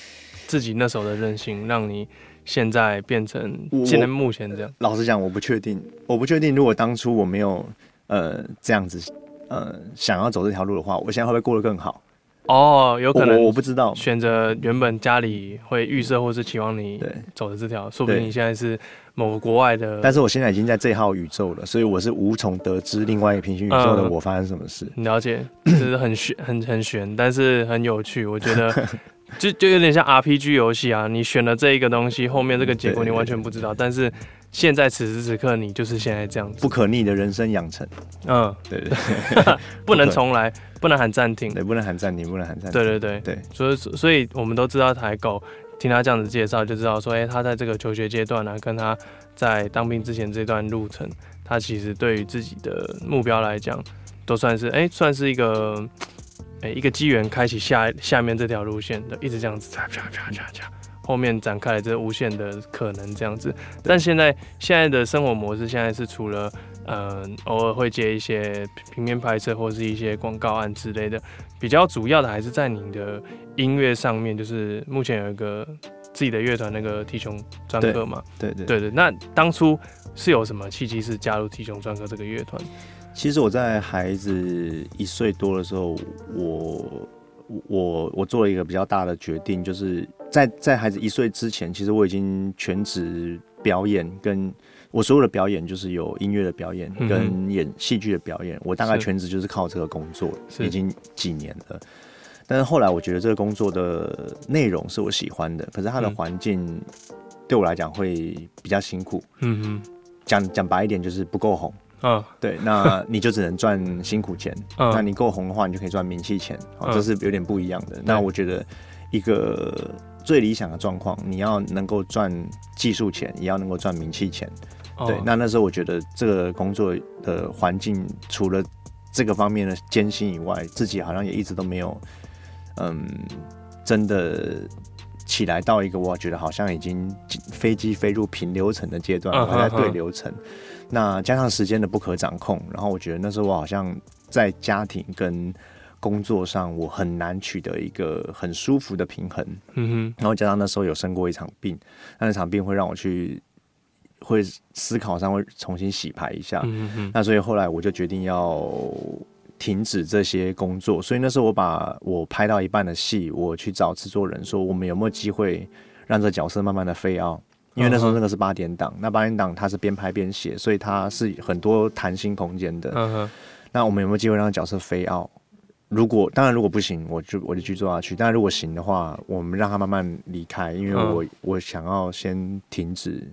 自己那時候的任性，讓你現在變成現在目前這樣。呃、老實講，我不確定，我不確定，如果當初我沒有呃這樣子呃想要走這條路的話，我現在會不會過得更好？哦、oh，有可能我，我不知道。選擇原本家裡會預設或是期望你對走的這條，說不定你現在是某個國外的。但是我現在已經在這號宇宙了，所以我是無從得知另外一個平行宇宙的我發生什麼事。嗯嗯、了解，就 是很玄，很很玄，但是很有趣，我覺得。 就就有點像 RPG 遊戲啊，你選了這一個東西，後面這個結果你完全不知道。嗯、但是現在此時此刻，你就是現在這樣子，不可逆的人生養成。嗯，對對 不能重來不，不能喊暫停，對，不能喊暫停，不能喊暫停。對對對對，所以所以我們都知道台狗，聽他這樣子介紹，就知道說，哎、欸，他在這個求學階段呢、啊，跟他在當兵之前這段路程，他其實對於自己的目標來講，都算是哎、欸，算是一個。誒、欸，一個機緣開啟下下面這條路線，的，一直這樣子啪啪啪啪啪，後面展開了這無限的可能這樣子。但現在現在的生活模式，現在是除了嗯、呃、偶爾會接一些平面拍攝或是一些廣告案之類的，比較主要的還是在你的音樂上面，就是目前有一個自己的樂團，那個提雄專科嘛，對對對對，對。那當初是有什麼契機是加入提雄專科這個樂團？其實我在孩子一歲多的時候，我我我做了一個比較大的決定，就是在在孩子一歲之前，其實我已經全職表演跟我所有的表演，就是有音樂的表演跟演戲劇的表演。嗯哼，我大概全職就是靠這個工作已經幾年了。但是後來我覺得這個工作的內容是我喜歡的，可是它的環境對我來講會比較辛苦。嗯哼，講講白一點就是不夠紅。嗯、oh.，對，那你就只能賺辛苦錢。嗯，那你夠紅的話，你就可以賺名氣錢。好、oh.，這是有點不一樣的。Oh. 那我覺得一個最理想的狀況，你要能夠賺技術錢，也要能夠賺名氣錢。Oh. 對，那那時候我覺得這個工作的環境，除了這個方面的艱辛以外，自己好像也一直都沒有，嗯，真的起來到一個我覺得好像已經飛機飛入平流層的階段、oh.，還在對流層。Oh. 那加上時間的不可掌控，然後我覺得那時候我好像在家庭跟工作上，我很難取得一個很舒服的平衡。嗯哼。然後加上那時候有生過一場病，那，那場病會讓我去，會思考上會重新洗牌一下。嗯哼。那所以後來我就決定要停止這些工作，所以那時候我把我拍到一半的戲，我去找制作人說，我們有沒有機會讓這角色慢慢的 fade out。因為那時候那個是八點檔，uh -huh. 那八點檔它是邊拍邊寫，所以它是很多彈性空間的。Uh -huh. 那我們有沒有機會讓角色 fade out？如果當然如果不行，我就我就繼續做下去。但如果行的話，我們讓他慢慢離開，因為我、uh -huh. 我想要先停止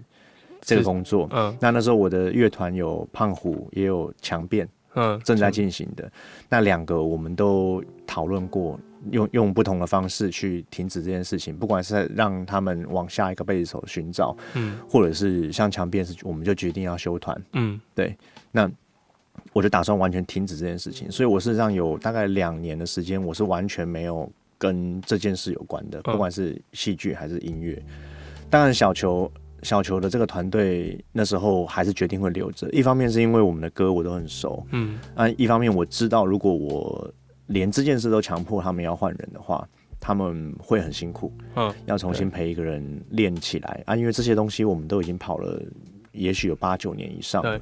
這個工作。那、uh -huh. 那時候我的樂團有胖虎，也有強辯，正在進行的。Uh -huh. 那兩個我們都討論過。用用不同的方式去停止這件事情，不管是在讓他們往下一個貝斯手尋找、嗯，或者是像強辯是，我們就決定要休團，嗯，對，那我就打算完全停止這件事情。所以，我事實上有大概兩年的時間，我是完全沒有跟這件事有關的，不管是戲劇還是音樂。嗯、當然，小球小球的這個團隊那時候還是決定會留着，一方面是因為我們的歌我都很熟，嗯，那一方面我知道如果我。連這件事都強迫他們要換人的話，他們會很辛苦。嗯、哦，要重新陪一個人練起來啊，因為這些東西我們都已經跑了，也許有八九年以上。對。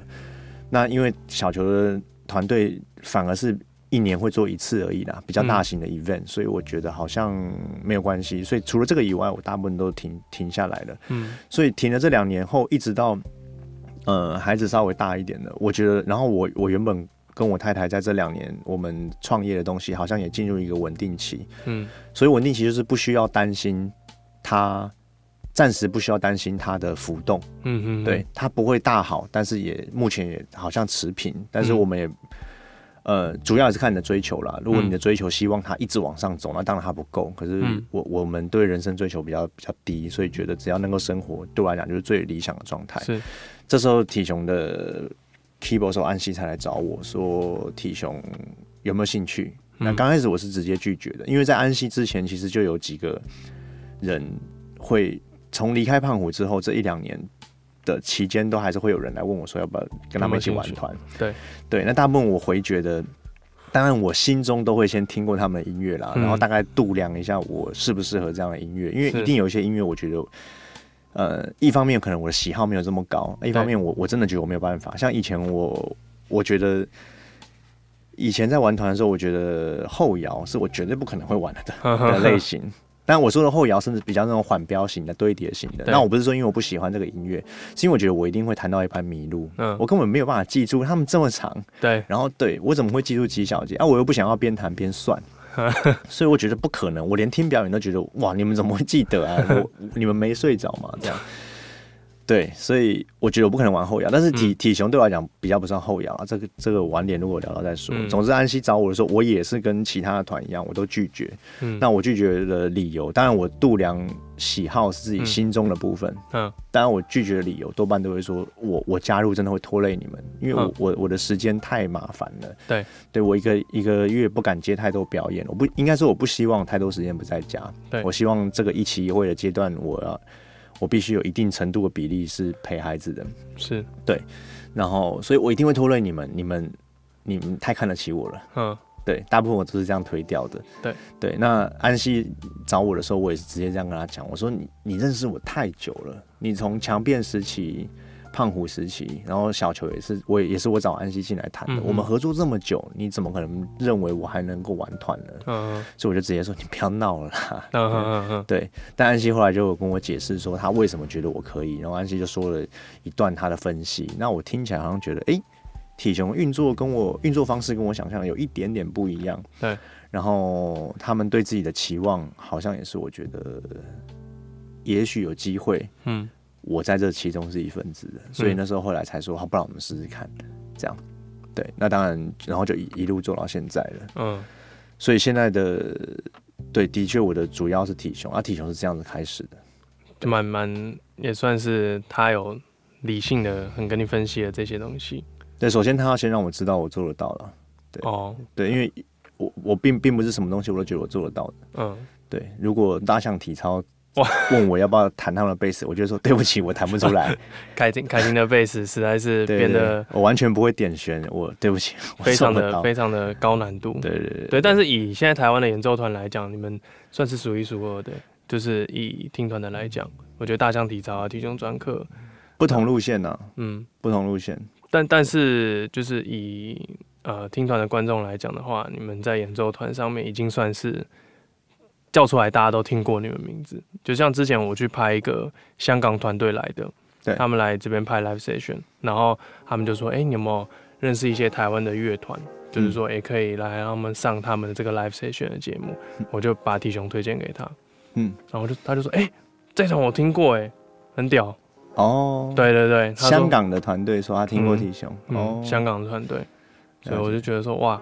那因為小球的團隊反而是一年會做一次而已啦，比較大型的 event，嗯，所以我覺得好像沒有關係。所以除了這個以外，我大部分都停停下來了。嗯。所以停了這兩年後，一直到呃孩子稍微大一點的，我覺得，然後我我原本。跟我太太在這兩年，我們創業的東西好像也進入一個穩定期。嗯，所以穩定期就是不需要擔心它，暫時不需要擔心它的浮動。嗯嗯，對，它不會大好，但是也目前也好像持平。但是我們也，嗯、呃，主要也是看你的追求啦。如果你的追求希望它一直往上走，那當然它不夠。可是我、嗯、我們對人生追求比較比較低，所以覺得只要能夠生活，對我來講就是最理想的狀態。是，這時候體雄的 people 說安西才來找我說體熊有沒有興趣？嗯、那剛開始我是直接拒絕的，因為在安西之前其實就有幾個人會從離開胖虎之後這一兩年的期間都還是會有人來問我說要不要跟他們一起玩團。對對，那大部分我回絕的，當然我心中都會先聽過他們的音樂啦、嗯，然後大概度量一下我適不適合這樣的音樂，因為一定有一些音樂我覺得。呃，一方面可能我的喜好沒有這麼高，一方面我我真的覺得我沒有辦法。像以前我，我覺得以前在玩團的時候，我覺得後搖是我絕對不可能會玩的呵呵呵的類型。但我說的後搖，甚至比較那種緩標型的、堆疊型的。那我不是說因為我不喜歡這個音樂，是因為我覺得我一定會彈到一盤迷路，嗯，我根本沒有辦法記住他們這麼長，對。然後對我怎麼會記住幾小節？啊，我又不想要邊彈邊算。 所以我覺得不可能，我連聽表演都覺得哇，你們怎麼會記得啊？你們沒睡着嗎？這樣。對，所以我覺得我不可能玩後搖，但是體、嗯、體熊對我來講比較不算後搖啊。這個這個晚點如果聊到再說。嗯、總之安溪找我的時候，我也是跟其他的團一樣，我都拒絕。那、嗯、我拒絕的理由，當然我度量喜好是自己心中的部分。嗯，當然我拒絕的理由多半都會說我我加入真的會拖累你們，因為我、嗯、我我的時間太麻煩了、嗯。對，對我一個一個月不敢接太多表演，我不應該說我不希望太多時間不在家。對，我希望這個一期一會的階段我要、啊。我必須有一定程度的比例是陪孩子的，是對，然後所以我一定會拖累你們，你們你們太看得起我了，嗯，對，大部分我都是這樣推掉的，對對。那安西找我的時候，我也是直接這樣跟他講，我說你你認識我太久了，你從強辯時期。胖虎時期，然後小球也是，我也是我找安西進來談的、嗯。我們合作這麼久，你怎麼可能認為我還能夠玩團呢？嗯，所以我就直接說你不要鬧了、嗯哼哼哼對。對，但安西後來就跟我解釋說他為什麼覺得我可以，然後安西就說了一段他的分析。那我聽起來好像覺得，哎、欸，體雄運作跟我運作方式跟我想象的有一點點不一樣。對、嗯。然後他們對自己的期望好像也是，我覺得也許有機會。嗯。我在這其中是一份子的，所以那時候後來才說，好，不然我們試試看，嗯、這樣，對，那當然，然後就一一路做到現在了，嗯，所以現在的，對，的確，我的主要是體雄，啊，體雄是這樣子開始的，就慢慢也算是他有理性的，很跟你分析了這些東西。對，首先他要先讓我知道我做得到了，對，哦，對，因為我我並並不是什麼東西我都覺得我做得到的，嗯，對，如果大象體操。哇！問我要不要彈他們的貝斯，我就說，對不起，我彈不出來。開 心開心的貝斯實在是變得 對對對，我完全不會點弦，我對不起我不，非常的非常的高難度。對對對，對，對。但是以現在台灣的演奏團來講，你們算是數一數二的，就是以聽團的來講，我覺得大象體操啊、體重專科，不同路線啊。嗯，不同路線。但但是就是以呃聽團的觀眾來講的話，你們在演奏團上面已經算是。叫出來，大家都聽過你們的名字，就像之前我去拍一個香港團隊來的，對，他們來這邊拍 live session，然後他們就說，哎、欸，你有沒有認識一些台灣的樂團、嗯，就是說，哎、欸，可以來讓他們上他們的這個 live session 的節目、嗯，我就把體雄推薦給他，嗯，然後就他就說，哎、欸，這種我聽過、欸，哎，很屌，哦，對對對，香港的團隊說他聽過體雄，哦、嗯嗯，香港的團隊、哦，所以我就覺得說，哇，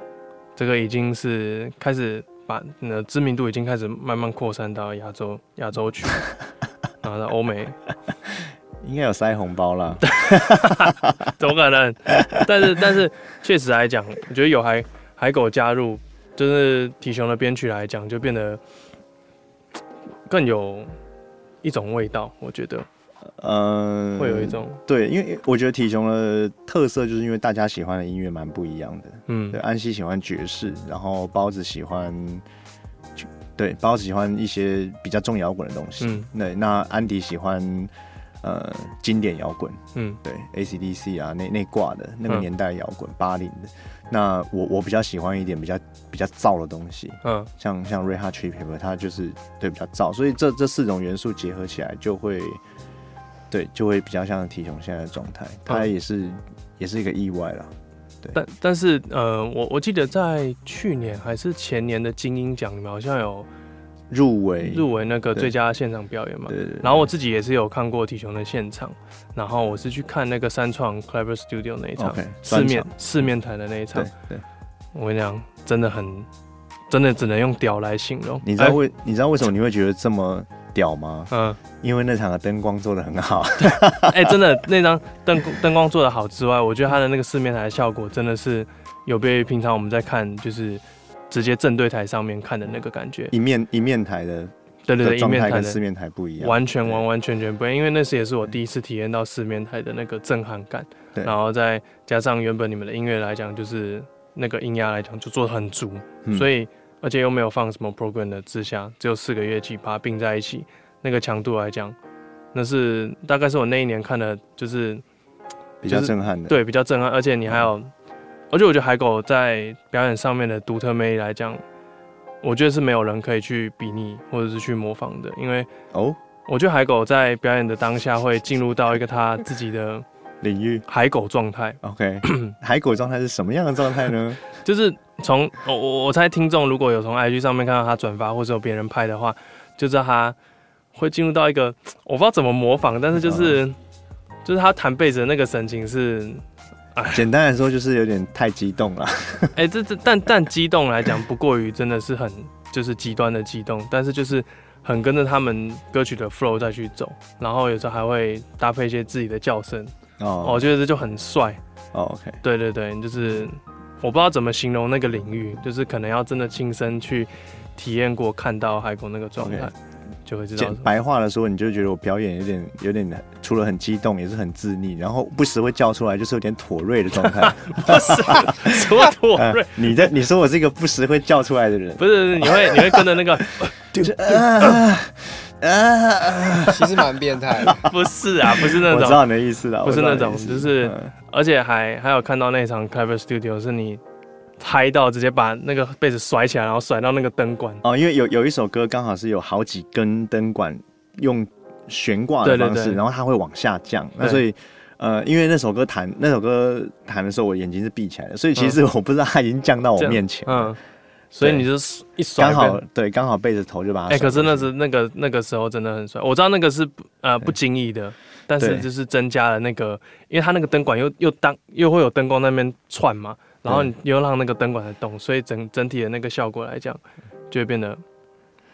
這個已經是開始。把你的知名度已經開始慢慢擴散到亞洲、亞洲區，然後到歐美應該有塞紅包了，怎 麼可能？但是但是確實來講，我覺得有海海狗加入，就是體熊的編曲來講，就變得更有一種味道，我覺得。嗯、呃，會有一種，對，因為我覺得體熊的特色就是因為大家喜歡的音樂蠻不一樣的。嗯，對，安西喜歡爵士，然後包子喜歡，對，包子喜歡一些比較重搖滾的東西。嗯，對，那安迪喜歡呃經典搖滾。嗯，對，ACDC 啊，那那掛的那個年代的搖滾八零的。那我我比較喜歡一點比較比較燥的東西。嗯，像像 Red Hot Chili Peppers 他就是對比較燥，所以這這四種元素結合起來就會。對，就會比較像體熊現在的狀態，他也是、嗯、也是一個意外了。對，但但是呃，我我記得在去年還是前年的金音獎裡面，好像有入圍入圍那個最佳現場表演嘛對。然後我自己也是有看過體熊的、的現場，然後我是去看那個三創 Clapper Studio 那一場 okay, 四面四面台的那一場。對對對，我跟你講，真的很真的只能用屌來形容。你知道為、欸、你知道為什麼你會覺得這麼？屌嗎？嗯，因為那場的燈光做的很好對。哎、欸，真的，那張燈燈光做的好之外，我覺得他的那個四面台的效果真的是有別於平常我們在看，就是直接正對台上面看的那個感覺。一面一面台的，對對一面台跟四面台不一樣一，完全完完全全不一樣。因為那時也是我第一次體驗到四面台的那個震撼感，然後再加上原本你們的音樂來講，就是那個音壓來講就做的很足、嗯，所以。而且又沒有放什麼 program 的支下，只有四個樂器把它併在一起，那個強度來講，那是大概是我那一年看的、就是，就是比較震撼的。對，比較震撼。而且你還有，嗯、而且我覺得海狗在表演上面的獨特魅力來講，我覺得是沒有人可以去比擬或者是去模仿的。因為哦，我覺得海狗在表演的當下會進入到一個他自己的。領域。海狗狀態，OK， 海狗狀態是什麼樣的狀態呢？ 就是從我我我猜聽眾如果有從 IG 上面看到他轉發或者有別人拍的話，就知、是、道他會進入到一個我不知道怎麼模仿，但是就是就是他彈貝斯的那個神情是，簡單來說就是有點太激動了。哎、 欸，這這但但激動來講不過於，真的是很就是極端的激動，但是就是很跟着他們歌曲的 flow 再去走，然後有時候還會搭配一些自己的叫聲。哦，我覺得這就很帥。OK，對對對，就是我不知道怎麼形容那個領域，就是可能要真的親身去體驗過，看到海狗那個狀態，okay. 就會知道。白話的時候，你就覺得我表演有點有點除了很激動，也是很自溺，然後不時會叫出來，就是有點妥瑞的狀態。 不是 什麼妥瑞？ 嗯、你在你說我是一個不時會叫出來的人？ 不是，你會你會跟着那個就是。 Dude, uh, uh, 啊， 其實蠻變態的， 不是啊，不是那種，我知道你的意思了，不是那種，就是、嗯，而且還還有看到那場 Clever Studio 是你，嗨到直接把那個貝斯甩起來，然後甩到那個燈管哦、嗯，因為有有一首歌剛好是有好幾根燈管用懸掛的方式對對對，然後它會往下降，那所以呃，因為那首歌彈那首歌彈的時候我眼睛是閉起來的，所以其實我不知道它已經降到我面前嗯。所以你就是一甩一，剛好對，剛好，剛好背着頭就把它甩。哎、欸，可是那是那個那個時候真的很帥。我知道那個是呃不經意的，但是就是增加了那個，因為它那個燈管又又當又會有燈光那邊串嘛，然後你又讓那個燈管在動，所以整整體的那個效果來講，就會變得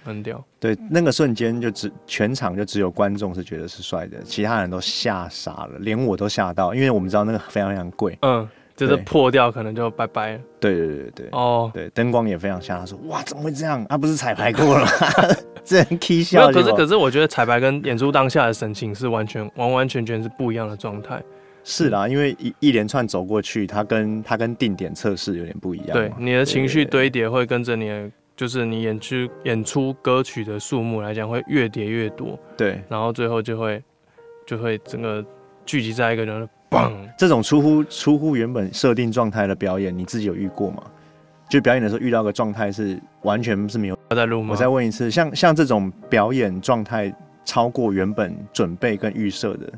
很屌。對，那個瞬間就只全場就只有觀眾是覺得是帥的，其他人都嚇傻了，連我都嚇到，因為我們知道那個非常非常貴。嗯。就是破掉，可能就拜拜。對對對對、oh. 對。哦。對，燈光也非常像。他說：“哇，怎麼會這樣？他、啊、不是彩排過了嗎，這很蹊蹺。”可是，可是我覺得彩排跟演出當下的神情是完全、完完全全是不一樣的狀態。是啦，因為一一連串走過去，他跟他跟定點測試有點不一樣。對，你的情緒堆疊會跟着你的，對對對對，就是你演出演出歌曲的數目來講，會越疊越多。對。然後最後就會就會整個聚集在一個人的。嗯、這種出乎出乎原本設定狀態的表演，你自己有遇過嗎？就表演的時候遇到個狀態是完全是沒有在錄嗎？我再問一次，像像這種表演狀態超過原本準備跟預設的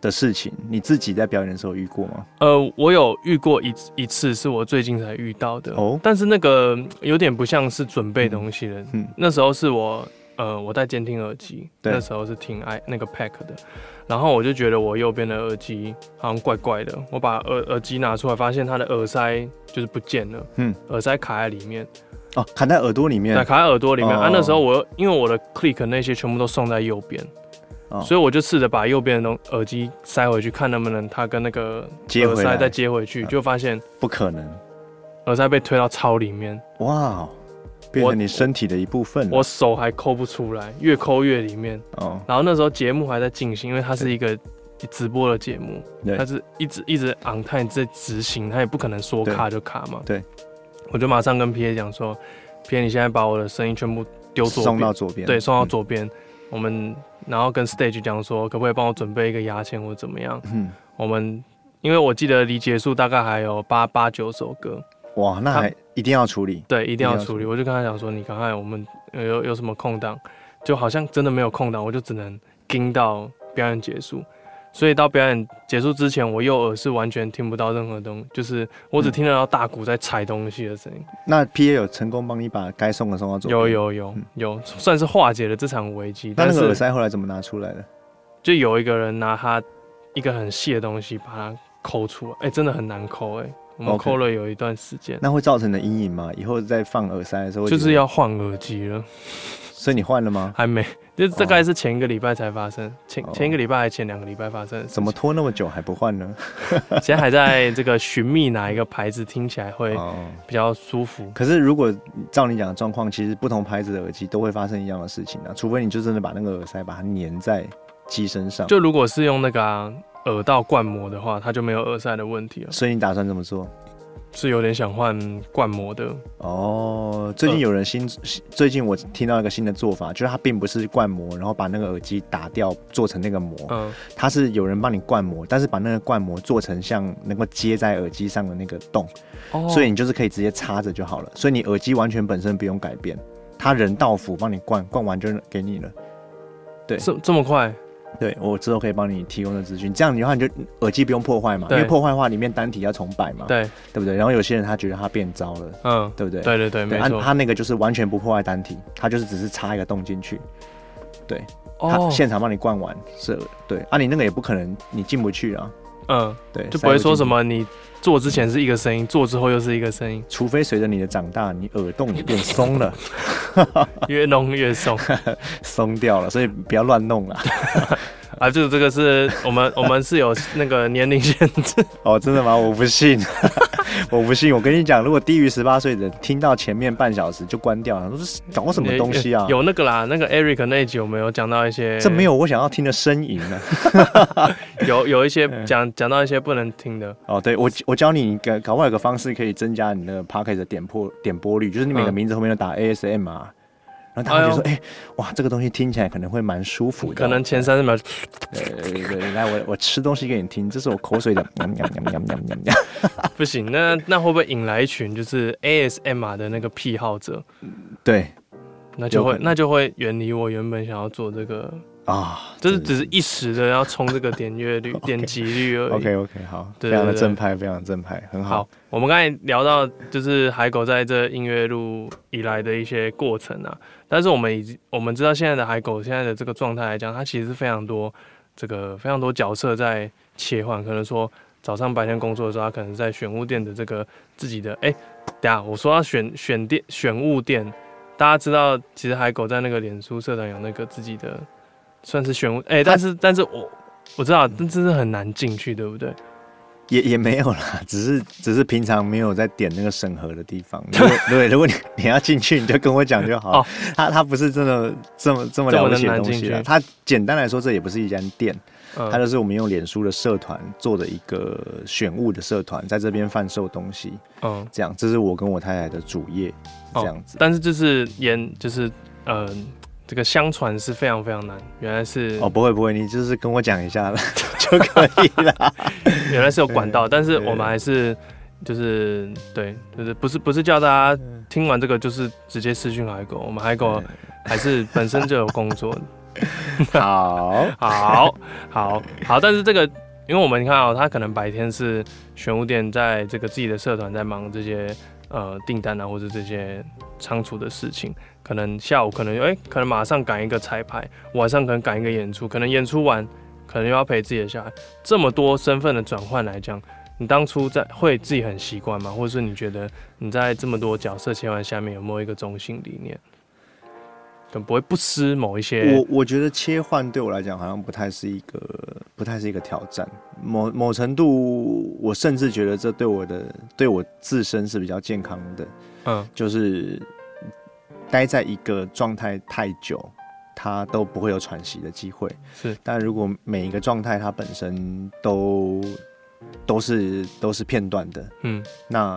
的事情，你自己在表演的時候遇過嗎？呃，我有遇過一一次，是我最近才遇到的哦。但是那個有點不像是準備的東西的、嗯。嗯，那時候是我。呃，我戴監聽耳機，那時候是挺愛那個 Pack 的，然後我就覺得我右邊的耳機好像怪怪的，我把耳耳機拿出來，發現它的耳塞就是不見了，嗯，耳塞卡在裡面，哦，卡在耳朵裡面，對，卡在耳朵裡面、哦、啊。那時候我因為我的 Click 那些全部都送在右邊、哦，所以我就試着把右邊的東耳機塞回去，看能不能它跟那個耳塞再接回去，回就發現不可能，耳塞被推到槽裡面，哇。變成你身體的一部分我，我手還摳不出來，越摳越裡面。哦，然後那時候節目還在進行，因為它是一個直播的節目，它是一直一直 on 台在執行，它也不可能說卡就卡嘛。對，我就馬上跟 P A 講說，P A 你現在把我的聲音全部丟左邊，送到左邊，對，送到左邊，嗯。我們然後跟 stage 講說，可不可以幫我準備一個牙籤或者怎麼樣？嗯，我們因為我記得離結束大概還有八八九首歌。哇，那還。一定要處理，對，一定要處理。處理我就跟他講說，嗯、你剛才我們有有，有什麼空檔，就好像真的沒有空檔，我就只能盯到表演結束。所以到表演結束之前，我右耳是完全聽不到任何東西，就是我只聽得到大鼓在踩東西的聲音。嗯、那 P A 有成功幫你把該送的送到走？有有有、嗯、有，算是化解了這場危機。但是耳塞後來怎麼拿出來的？就有一個人拿他一個很細的東西把它摳出來，哎、欸，真的很難摳、欸，哎。我們扣了有一段時間，okay, 那會造成的陰影嗎？以後再放耳塞的時候，就是要換耳機了。 所以你換了嗎？還沒，就大概是前一個禮拜才發生，前、哦、前一個禮拜還是前兩個禮拜發生？怎麼拖那麼久還不換呢？ 現在還在這個尋覓哪一個牌子聽起來會比較舒服。哦、可是如果照你講的狀況，其實不同牌子的耳機都會發生一樣的事情啊，除非你就真的把那個耳塞把它粘在機身上。就如果是用那個、啊。耳道灌膜的話，它就沒有耳塞的問題了。所以你打算怎麼做？是有點想換灌膜的。哦，最近有人新、呃，最近我聽到一個新的做法，就是它並不是灌膜，然後把那個耳機打掉做成那個膜。嗯、呃。它是有人幫你灌膜，但是把那個灌膜做成像能夠接在耳機上的那個洞、哦。所以你就是可以直接插着就好了。所以你耳機完全本身不用改變，他人到府幫你灌，灌完就給你了。對。這這麼快？對，我之後可以幫你提供的資訊。這樣你的話，你就耳機不用破壞嘛，因為破壞的話，裡面單體要重擺嘛，對，對不對？然後有些人他覺得他變糟了，嗯，對不對？對對對，按、啊、他那個就是完全不破壞單體，他就是只是插一個洞進去，對、哦、他現場幫你灌完是，對啊，你那個也不可能你進不去啊，嗯，對，就不會說什麼你。做之前是一個聲音，做之後又是一個聲音，除非隨着你的長大，你耳洞也變鬆了， 越弄越鬆，鬆 掉了，所以不要亂弄了。 啊，就這個是我們我們是有那個年齡限制 哦，真的嗎？我不信， 我不信。我跟你講，如果低於十八歲的，聽到前面半小時就關掉了，都是搞什麼東西啊？有那個啦，那個 Eric 那集有沒有講到一些？這 沒 有我想要聽的呻吟了，有有一些講講到一些不能聽的 哦。對，我我教你一個，搞不好有個方式可以增加你那個的 podcast 點播點播率，就是你每個名字後面都打 ASMR。嗯然後他們就說：“哎、欸，哇，這個東西聽起來可能會蠻舒服的。”，可能前三十秒，呃， 來我我吃東西給你聽，這是我口水的， 鴨鴨鴨鴨鴨鴨鴨，不行，那那會不會引來一群就是 ASMR 的那個癖好者？嗯、對，那就會那就會遠離我原本想要做這個。啊、哦，就是只是一時的要衝這個點閱率， okay, 點擊率而已。OK OK，好，非常的正派，非常的正派，對對對，正派，好，很好。我們剛才聊到就是海狗在這音樂路以來的一些過程啊，但是我們已我們知道現在的海狗現在的這個狀態來講，它其實是非常多這個非常多角色在切換，可能說早上白天工作的時候，他可能在選物店的這個自己的哎、欸，等下我說要選選店選物店，大家知道其實海狗在那個臉書社團有那個自己的。算是選物哎、欸，但是但是我，我我知道，這真的很難進去，對不對？也也沒有啦，只是只是平常沒有在點那個審核的地方。如果 對，如果你你要進去，你就跟我講就好。他、哦、他不是真的這麼這麼了解東西。他簡單來說，這也不是一間店，他、嗯、就是我們用臉書的社團做的一個選物的社團，在這邊販售東西。嗯，這樣，這是我跟我太太的主頁，這樣子、哦。但是就是演，就是嗯。呃這個相傳是非常非常難，原來是哦，不會不會，你就是跟我講一下了 就可以了。 原來是有管道，但是我們還是就是對，就是不是不是叫大家聽完這個就是直接私訊海狗，我們海狗還是本身就有工作的 好。好好好好，但是這個因為我們你看啊、哦，他可能白天是選物店，在這個自己的社團在忙這些呃訂單啊，或者這些倉儲的事情。可能下午可能哎、欸，可能馬上趕一個彩排，晚上可能趕一個演出，可能演出完，可能又要陪自己的小孩。這麼多身份的轉換來講，你當初在會自己很習慣嗎？或是你覺得你在這麼多角色切換下面有沒有一個中心理念？不會，不失某一些我。我我覺得切換對我來講好像不太是一個，不太是一個挑戰。某某程度，我甚至覺得這對我的，對我自身是比較健康的。嗯，就是。待在一個狀態太久，他都不會有喘息的機會。是，但如果每一個狀態它本身都都是都是片段的，嗯，那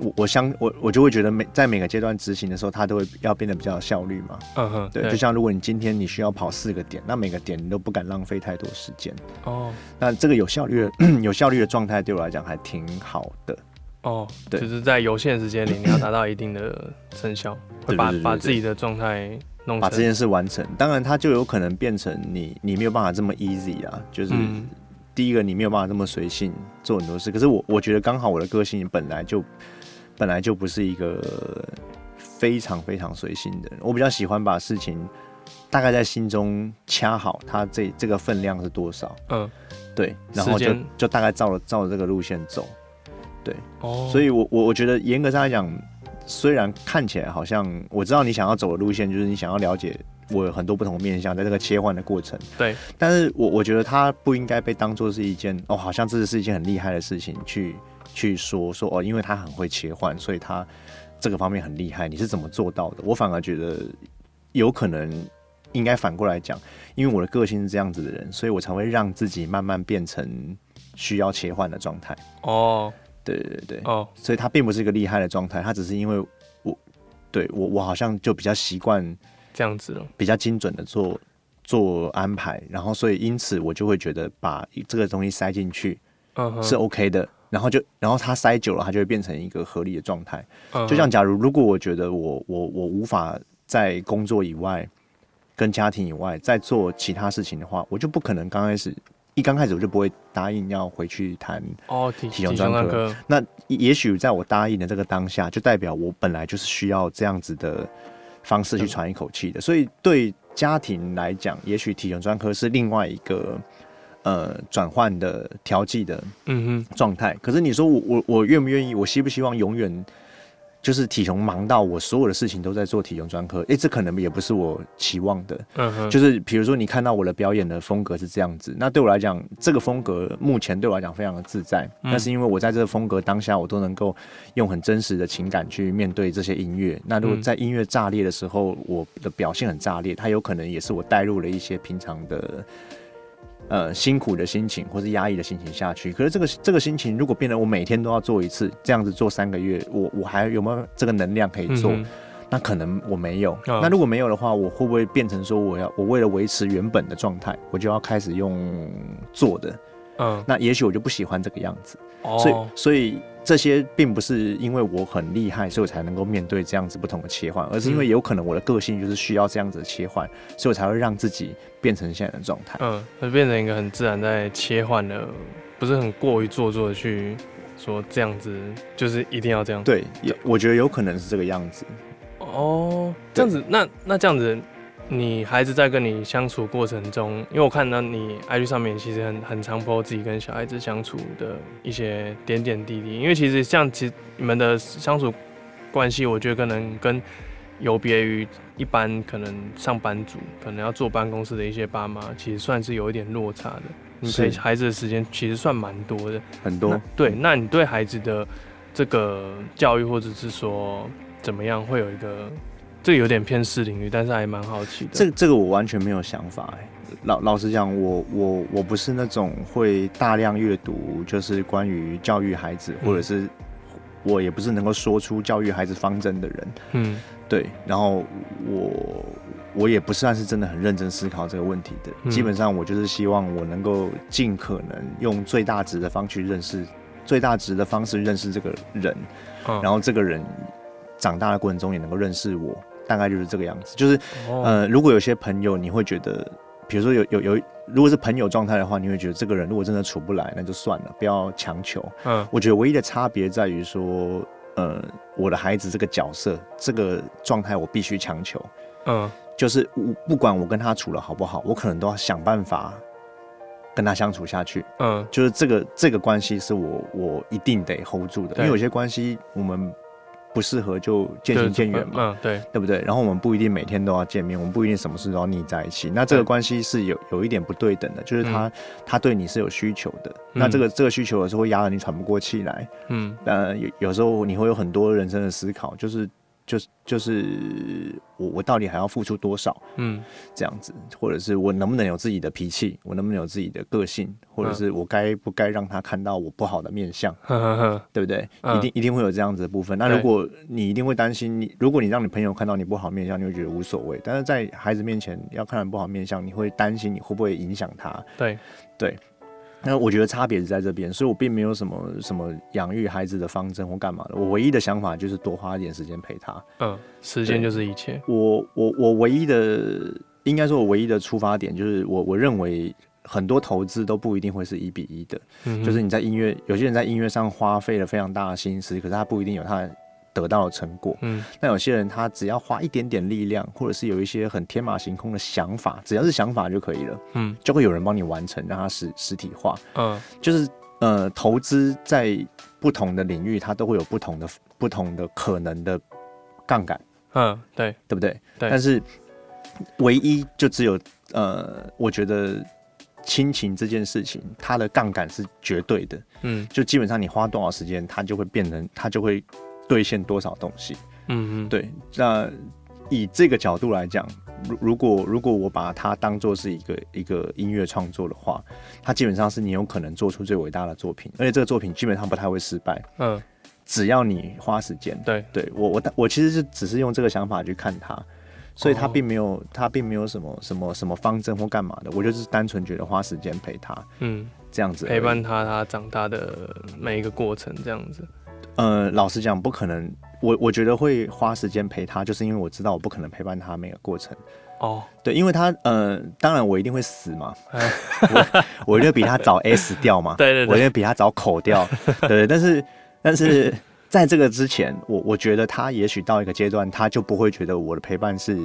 我我相我我就會覺得每在每個階段執行的時候，它都會要變得比較有效率嘛。嗯、啊、哼，對，就像如果你今天你需要跑四個點，那每個點你都不敢浪費太多時間。哦，那這個有效率的、 有效率的狀態，對我來講還挺好的。哦、oh,，對，就是在有限的時間裡，你要達到一定的成效， 會把對對對對對把自己的狀態弄成把這件事完成。當然，它就有可能變成你，你沒有辦法這麼 easy 啊。就是、嗯、第一個，你沒有辦法這麼隨性做很多事。可是我，我覺得剛好我的個性本來就本來就不是一個非常非常隨性的。我比較喜歡把事情大概在心中掐好，它這這個分量是多少。嗯，對，然後就就大概照著照著這個路線走。對，oh. 所以我，我我我覺得嚴格上來講，雖然看起來好像我知道你想要走的路線，就是你想要了解我很多不同的面向，在這個切換的過程，對，但是我我覺得他不應該被當做是一件哦，好像這是一件很厲害的事情去去說說哦，因為他很會切換，所以他這個方面很厲害。你是怎麼做到的？我反而覺得有可能應該反過來講，因為我的個性是這樣子的人，所以我才會讓自己慢慢變成需要切換的狀態。哦、oh. 對對對，oh. 所以他並不是一個厲害的狀態，他只是因為我對我我好像就比較習慣這樣子了，比較精準的做做安排，然後所以因此我就會覺得把這個東西塞進去，是 OK 的，uh-huh. 然後就然後它塞久了，它就會變成一個合理的狀態。Uh-huh. 就像假如如果我覺得我我我無法在工作以外跟家庭以外再做其他事情的話，我就不可能剛開始。一剛開始我就不會答應要回去談哦，體體重專科。那也許在我答應的這個當下，就代表我本來就是需要這樣子的方式去喘一口氣的、嗯。所以對家庭來講，也許體型專科是另外一個呃轉換的調劑的狀態嗯哼狀態。可是你說我我我願不願意？我希不希望永遠？就是體雄忙到我所有的事情都在做體雄專科，誒、欸，這可能也不是我期望的。嗯，就是比如說你看到我的表演的風格是這樣子，那對我來講，這個風格目前對我來講非常的自在。那、嗯、是因為我在這個風格當下，我都能夠用很真實的情感去面對這些音樂。那如果在音樂炸裂的時候、嗯，我的表現很炸裂，它有可能也是我帶入了一些平常的。呃，辛苦的心情或是壓抑的心情下去，可是這個這個心情如果變得我每天都要做一次，這樣子做三個月，我我還有沒有這個能量可以做？嗯。那可能我沒有。哦。那如果沒有的話，我會不會變成說我要我為了維持原本的狀態，我就要開始用做的？嗯，那也許我就不喜歡這個樣子。哦。所以，所以。這些並不是因為我很厲害，所以我才能夠面對這樣子不同的切換，而是因為有可能我的個性就是需要這樣子的切換，所以我才會讓自己變成現在的狀態。嗯，會變成一個很自然在切換的，不是很過於做作的去說這樣子，就是一定要這樣。對，有，我覺得有可能是這個樣子。哦，這樣子，那那這樣子。你孩子在跟你相處過程中，因為我看到你 IG 上面其實很很常播自己跟小孩子相處的一些點點滴滴，因為其實像其實你們的相處關係，我覺得可能跟有別於一般可能上班族可能要坐辦公室的一些爸媽，其實算是有一點落差的。你陪孩子的時間其實算蠻多的，很多。對，那你對孩子的這個教育或者是說怎麼樣，會有一個？這個、有點偏私領域，但是還蠻好奇的。這這個我完全沒有想法哎、欸。老老實講，我我我不是那種會大量閱讀，就是關於教育孩子、嗯，或者是我也不是能夠說出教育孩子方針的人。嗯，對。然後我我也不算是真的很認真思考這個問題的、嗯。基本上我就是希望我能夠盡可能用最大值的方去認識最大值的方式認識這個人、哦，然後這個人長大的過程中也能夠認識我。大概就是這個樣子，就是，呃，如果有些朋友，你會覺得，比如說有有有，如果是朋友狀態的話，你會覺得這個人如果真的處不來，那就算了，不要強求。嗯，我覺得唯一的差別在於說，呃，我的孩子這個角色，這個狀態我必須強求。嗯，就是我不管我跟他處了好不好，我可能都要想辦法跟他相處下去。嗯，就是這個這個關係是我我一定得 hold 住的，因為有些關係我們。不適合就漸行漸遠嘛，對、嗯、對，對不對？然後我們不一定每天都要見面，我們不一定什麼事都要膩在一起。那這個關係是有、嗯、有一點不對等的，就是他他對你是有需求的，嗯、那這個這個需求有時候會壓得你喘不過氣來。嗯，呃，有有時候你會有很多人生的思考，就是。就是就是我我到底還要付出多少？嗯，這樣子、嗯，或者是我能不能有自己的脾氣？我能不能有自己的個性？或者是我該不該讓他看到我不好的面相？嗯？對不對？嗯、一定一定會有這樣子的部分。那如果你一定會擔心你，如果你讓你朋友看到你不好面相，你會覺得無所謂。但是在孩子面前要看到不好面相，你會擔心你會不會影響他？對對。那我覺得差別是在這邊，所以我並沒有什麼什麼養育孩子的方針或幹嘛的。我唯一的想法就是多花一點時間陪他。嗯，時間就是一切。我我我唯一的，應該說我唯一的出發點就是我我認為很多投資都不一定會是一比一的。嗯，就是你在音樂，有些人在音樂上花費了非常大的心思，可是他不一定有他的。得到的成果，嗯，那有些人他只要花一點點力量，或者是有一些很天馬行空的想法，只要是想法就可以了，嗯，就會有人幫你完成，讓他實實體化，嗯，就是呃，投資在不同的領域，它都會有不同的不同的可能的槓桿，嗯，對，對不對？對，但是唯一就只有呃，我覺得親情這件事情，它的槓桿是絕對的，嗯，就基本上你花多少時間，它就會變成，它就會。兌現多少東西？嗯，對。那以這個角度來講，如如果如果我把它當做是一個一個音樂創作的話，它基本上是你有可能做出最偉大的作品，而且這個作品基本上不太會失敗。嗯，只要你花時間。對，對我我我其實是只是用這個想法去看它，所以它並沒有它、哦、並沒有什麼什麼什麼方針或幹嘛的，我就是單純覺得花時間陪他，嗯，這樣子陪伴他他長大的每一個過程，這樣子。呃，老實講，不可能。我我覺得會花時間陪他，就是因為我知道我不可能陪伴他每個過程。哦、Oh，對，因為他，呃，當然我一定會死嘛， 我我就比他早死掉嘛，對對對，我就比他早口掉， 掉，對對。但是，但是在這個之前，我我覺得他也許到一個階段，他就不會覺得我的陪伴是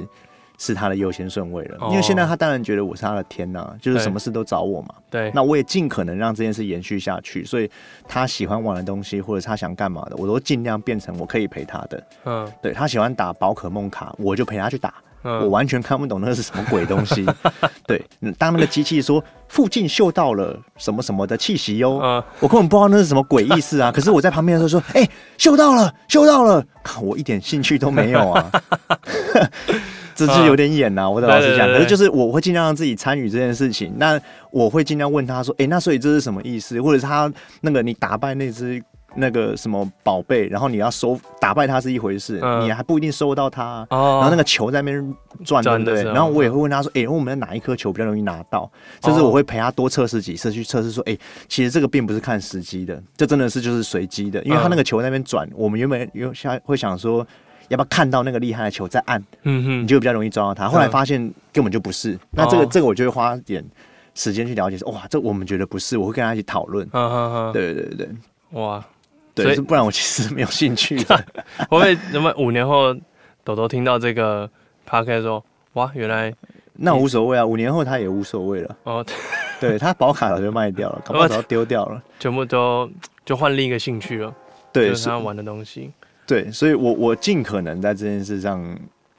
是他的優先順位了，因為現在他當然覺得我是他的天吶、啊，oh, 就是什麼事都找我嘛。對，那我也盡可能讓這件事延續下去，所以他喜歡玩的東西或者是他想幹嘛的，我都盡量變成我可以陪他的。嗯、oh，對，他喜歡打寶可夢卡，我就陪他去打。Uh, 我完全看不懂那個是什麼鬼東西， 對，當那個機器說附近嗅到了什麼什麼的氣息喲、哦，uh, 我根本不知道那是什麼鬼意思啊。 可是我在旁邊的時候說，哎、欸，嗅到了，嗅到了、啊，我一點興趣都沒有啊， 這是有點演吶、啊。Uh, 我的老實講，可是就是我會儘量讓自己參與這件事情，那我會儘量問他說，哎、欸，那所以這是什麼意思？或者是他那個你打敗那只。那個什麼寶貝，然後你要收打敗他是一回事、嗯，你還不一定收到他，哦、然後那個球在那邊轉，對不對、哦？然後我也會問他說：“哎、欸，我們在哪一顆球比較容易拿到？”就、哦、是我會陪他多測試幾次去測試，說：“哎、欸，其實這個並不是看時機的，這真的是就是隨機的，因為他那個球在那邊轉、嗯。我們原本有想會想說，要不要看到那個厲害的球再按、嗯，你就比較容易抓到他。後來發現根本就不是。嗯、那這個、哦、這個，我就會花點時間去了解。說：‘哇，這我們覺得不是，我會跟他一起討論。啊、哈哈對，對對對，哇。”對，所以不然我其實沒有興趣我、啊、 會不會那麼五年後，朵朵聽到這個 park 說，哇，原來那無所謂啊，五年後他也無所謂了。哦，對他保卡了就賣掉了，哦、搞不好就丟掉了，全部都就換另一個興趣了。對，就是他玩的東西。對，所以我我盡可能在這件事上。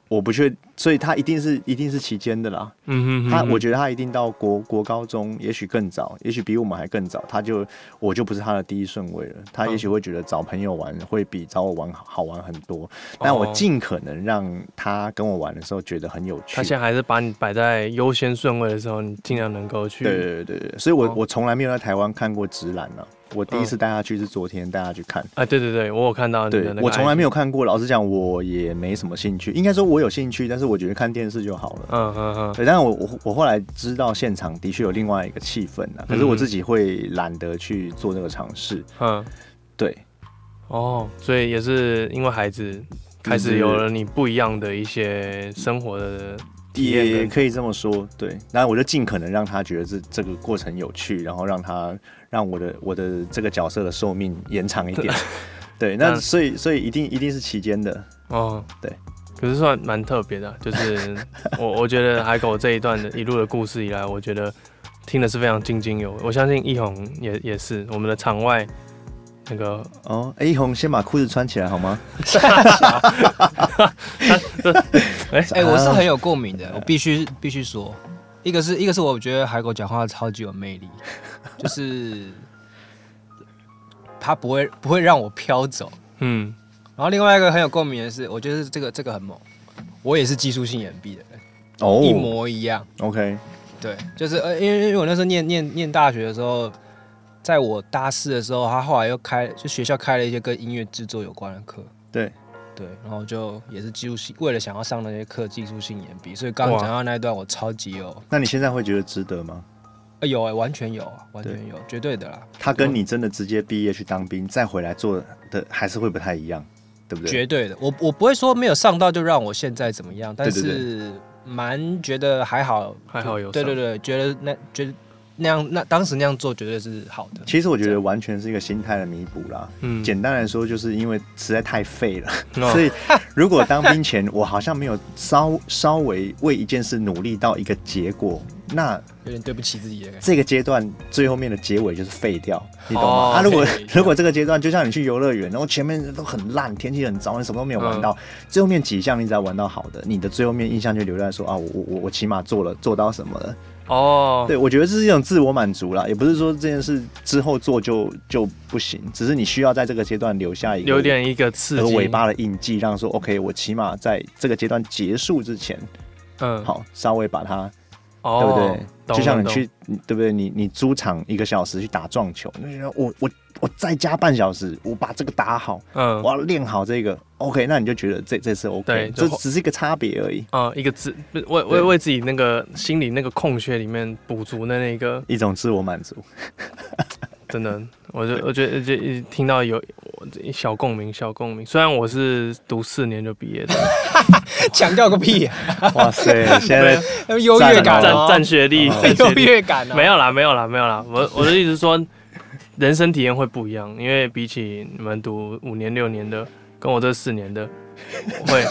我不確，所以他一定是一定是期間的啦。嗯哼，哼，哼。他我覺得他一定到國國高中，也許更早，也許比我們還更早。他就我就不是他的第一順位了。他也許會覺得找朋友玩會比找我玩好玩很多。但我盡可能讓他跟我玩的時候覺得很有趣。哦、他現在還是把你擺在優先順位的時候，你盡量能夠去。對對對，所以我、哦、我從來沒有在台灣看過直男了。我第一次帶他去是昨天帶他去看哎，啊、對對對，我有看到。對，我從來沒有看過。老實講，我也沒什麼興趣。應該說，我有興趣，但是我覺得看電視就好了。嗯嗯嗯。對，但是，我我後來知道現場的確有另外一個氣氛呢、嗯。可是我自己會懶得去做這個嘗試。嗯，對。哦，所以也是因為孩子開始有了你不一樣的一些生活的體驗，也可以這麼說。對，那我就盡可能讓他覺得這這個過程有趣，然後讓他。讓我的我的這個角色的壽命延長一點， 對，那所以, 那,所以所以一定一定是期間的哦，對，可是算蠻特別的，就是我 我覺得海狗這一段的一路的故事以來，我覺得聽的是非常津津有味，我相信一紅也也是我們的場外那個哦，哎一紅先把褲子穿起來好嗎？哎 他、 欸欸、我是很有共鳴的，我必須必須說，一個是一個是我覺得海狗講話超級有魅力。 就是他不會不會讓我飄走，嗯。然後另外一個很有共鳴的是，我覺得這個這個很猛，我也是技術性延畢的人，哦，一模一樣。OK，對，就是因為、呃、因為我那時候念念念大學的時候，在我大四的時候，他後來又開就學校開了一些跟音樂制作有關的課，對對。然後就也是技術性為了想要上那些課，技術性延畢，所以剛剛講到那一段我超級有。那你現在會覺得值得嗎？欸、有哎、欸，完全有，完全有，絕對的啦。他跟你真的直接畢業去當兵，再回來做的還是會不太一樣，對不對？絕對的，我我不會說沒有上到就讓我現在怎麼樣，但是蠻覺得還好，對對對，還好有。對對對，覺得那覺得那樣，那當時那樣做絕對是好的。其實我覺得完全是一個心態的彌補啦。嗯，簡單來說，就是因為實在太廢了，嗯，所以如果當兵前我好像沒有稍 稍微為一件事努力到一個結果，那。有點對不起自己，這個階段最後面的結尾就是廢掉，你懂嗎？他如果如果這個階段就像你去遊樂園，然後前面都很爛，天氣很糟，你什麼都沒有玩到，嗯、最後面幾項你只要玩到好的，你的最後面印象就留在說啊，我我我我起碼做了做到什麼了。哦、oh.，對，我覺得是這是一種自我滿足了，也不是說這件事之後做就就不行，只是你需要在這個階段留下一個留點一個刺激和尾巴的印記，讓說 OK，我起碼在這個階段結束之前，嗯，好，稍微把它，oh. 對不對？就像你去，對不對？你你租場一個小時去打撞球，那我我我再加半小時，我把這個打好，嗯、我要練好這個。OK，那你就覺得這這次 OK，這只是一個差別而已。嗯、呃，一個自為為為自己那個心裡那個空缺裡面補足的那個一種自我滿足呵呵。真的，我就我覺得就，我就一聽到有小共鳴，小共鳴。雖然我是讀四年就畢業的，強 調個屁，啊！ 哇塞，現在優越感，哦，占占學歷，優，哦哦，越感，啊、沒有啦，沒有啦，沒有啦。我我的意思說，人生體驗會不一樣， 因為比起你們讀五年六年的，跟我這四年的，我會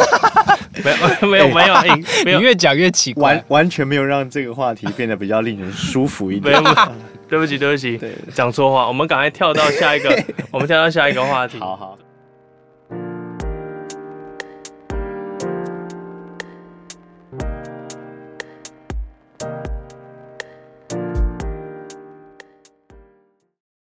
沒有沒有沒有，沒有沒有 你越講越奇怪完，完全沒有讓這個話題變得比較令人舒服一點。 對不起，對不起，對，講錯話，我們趕快跳到下一個， 我們跳到下一個話題。好好。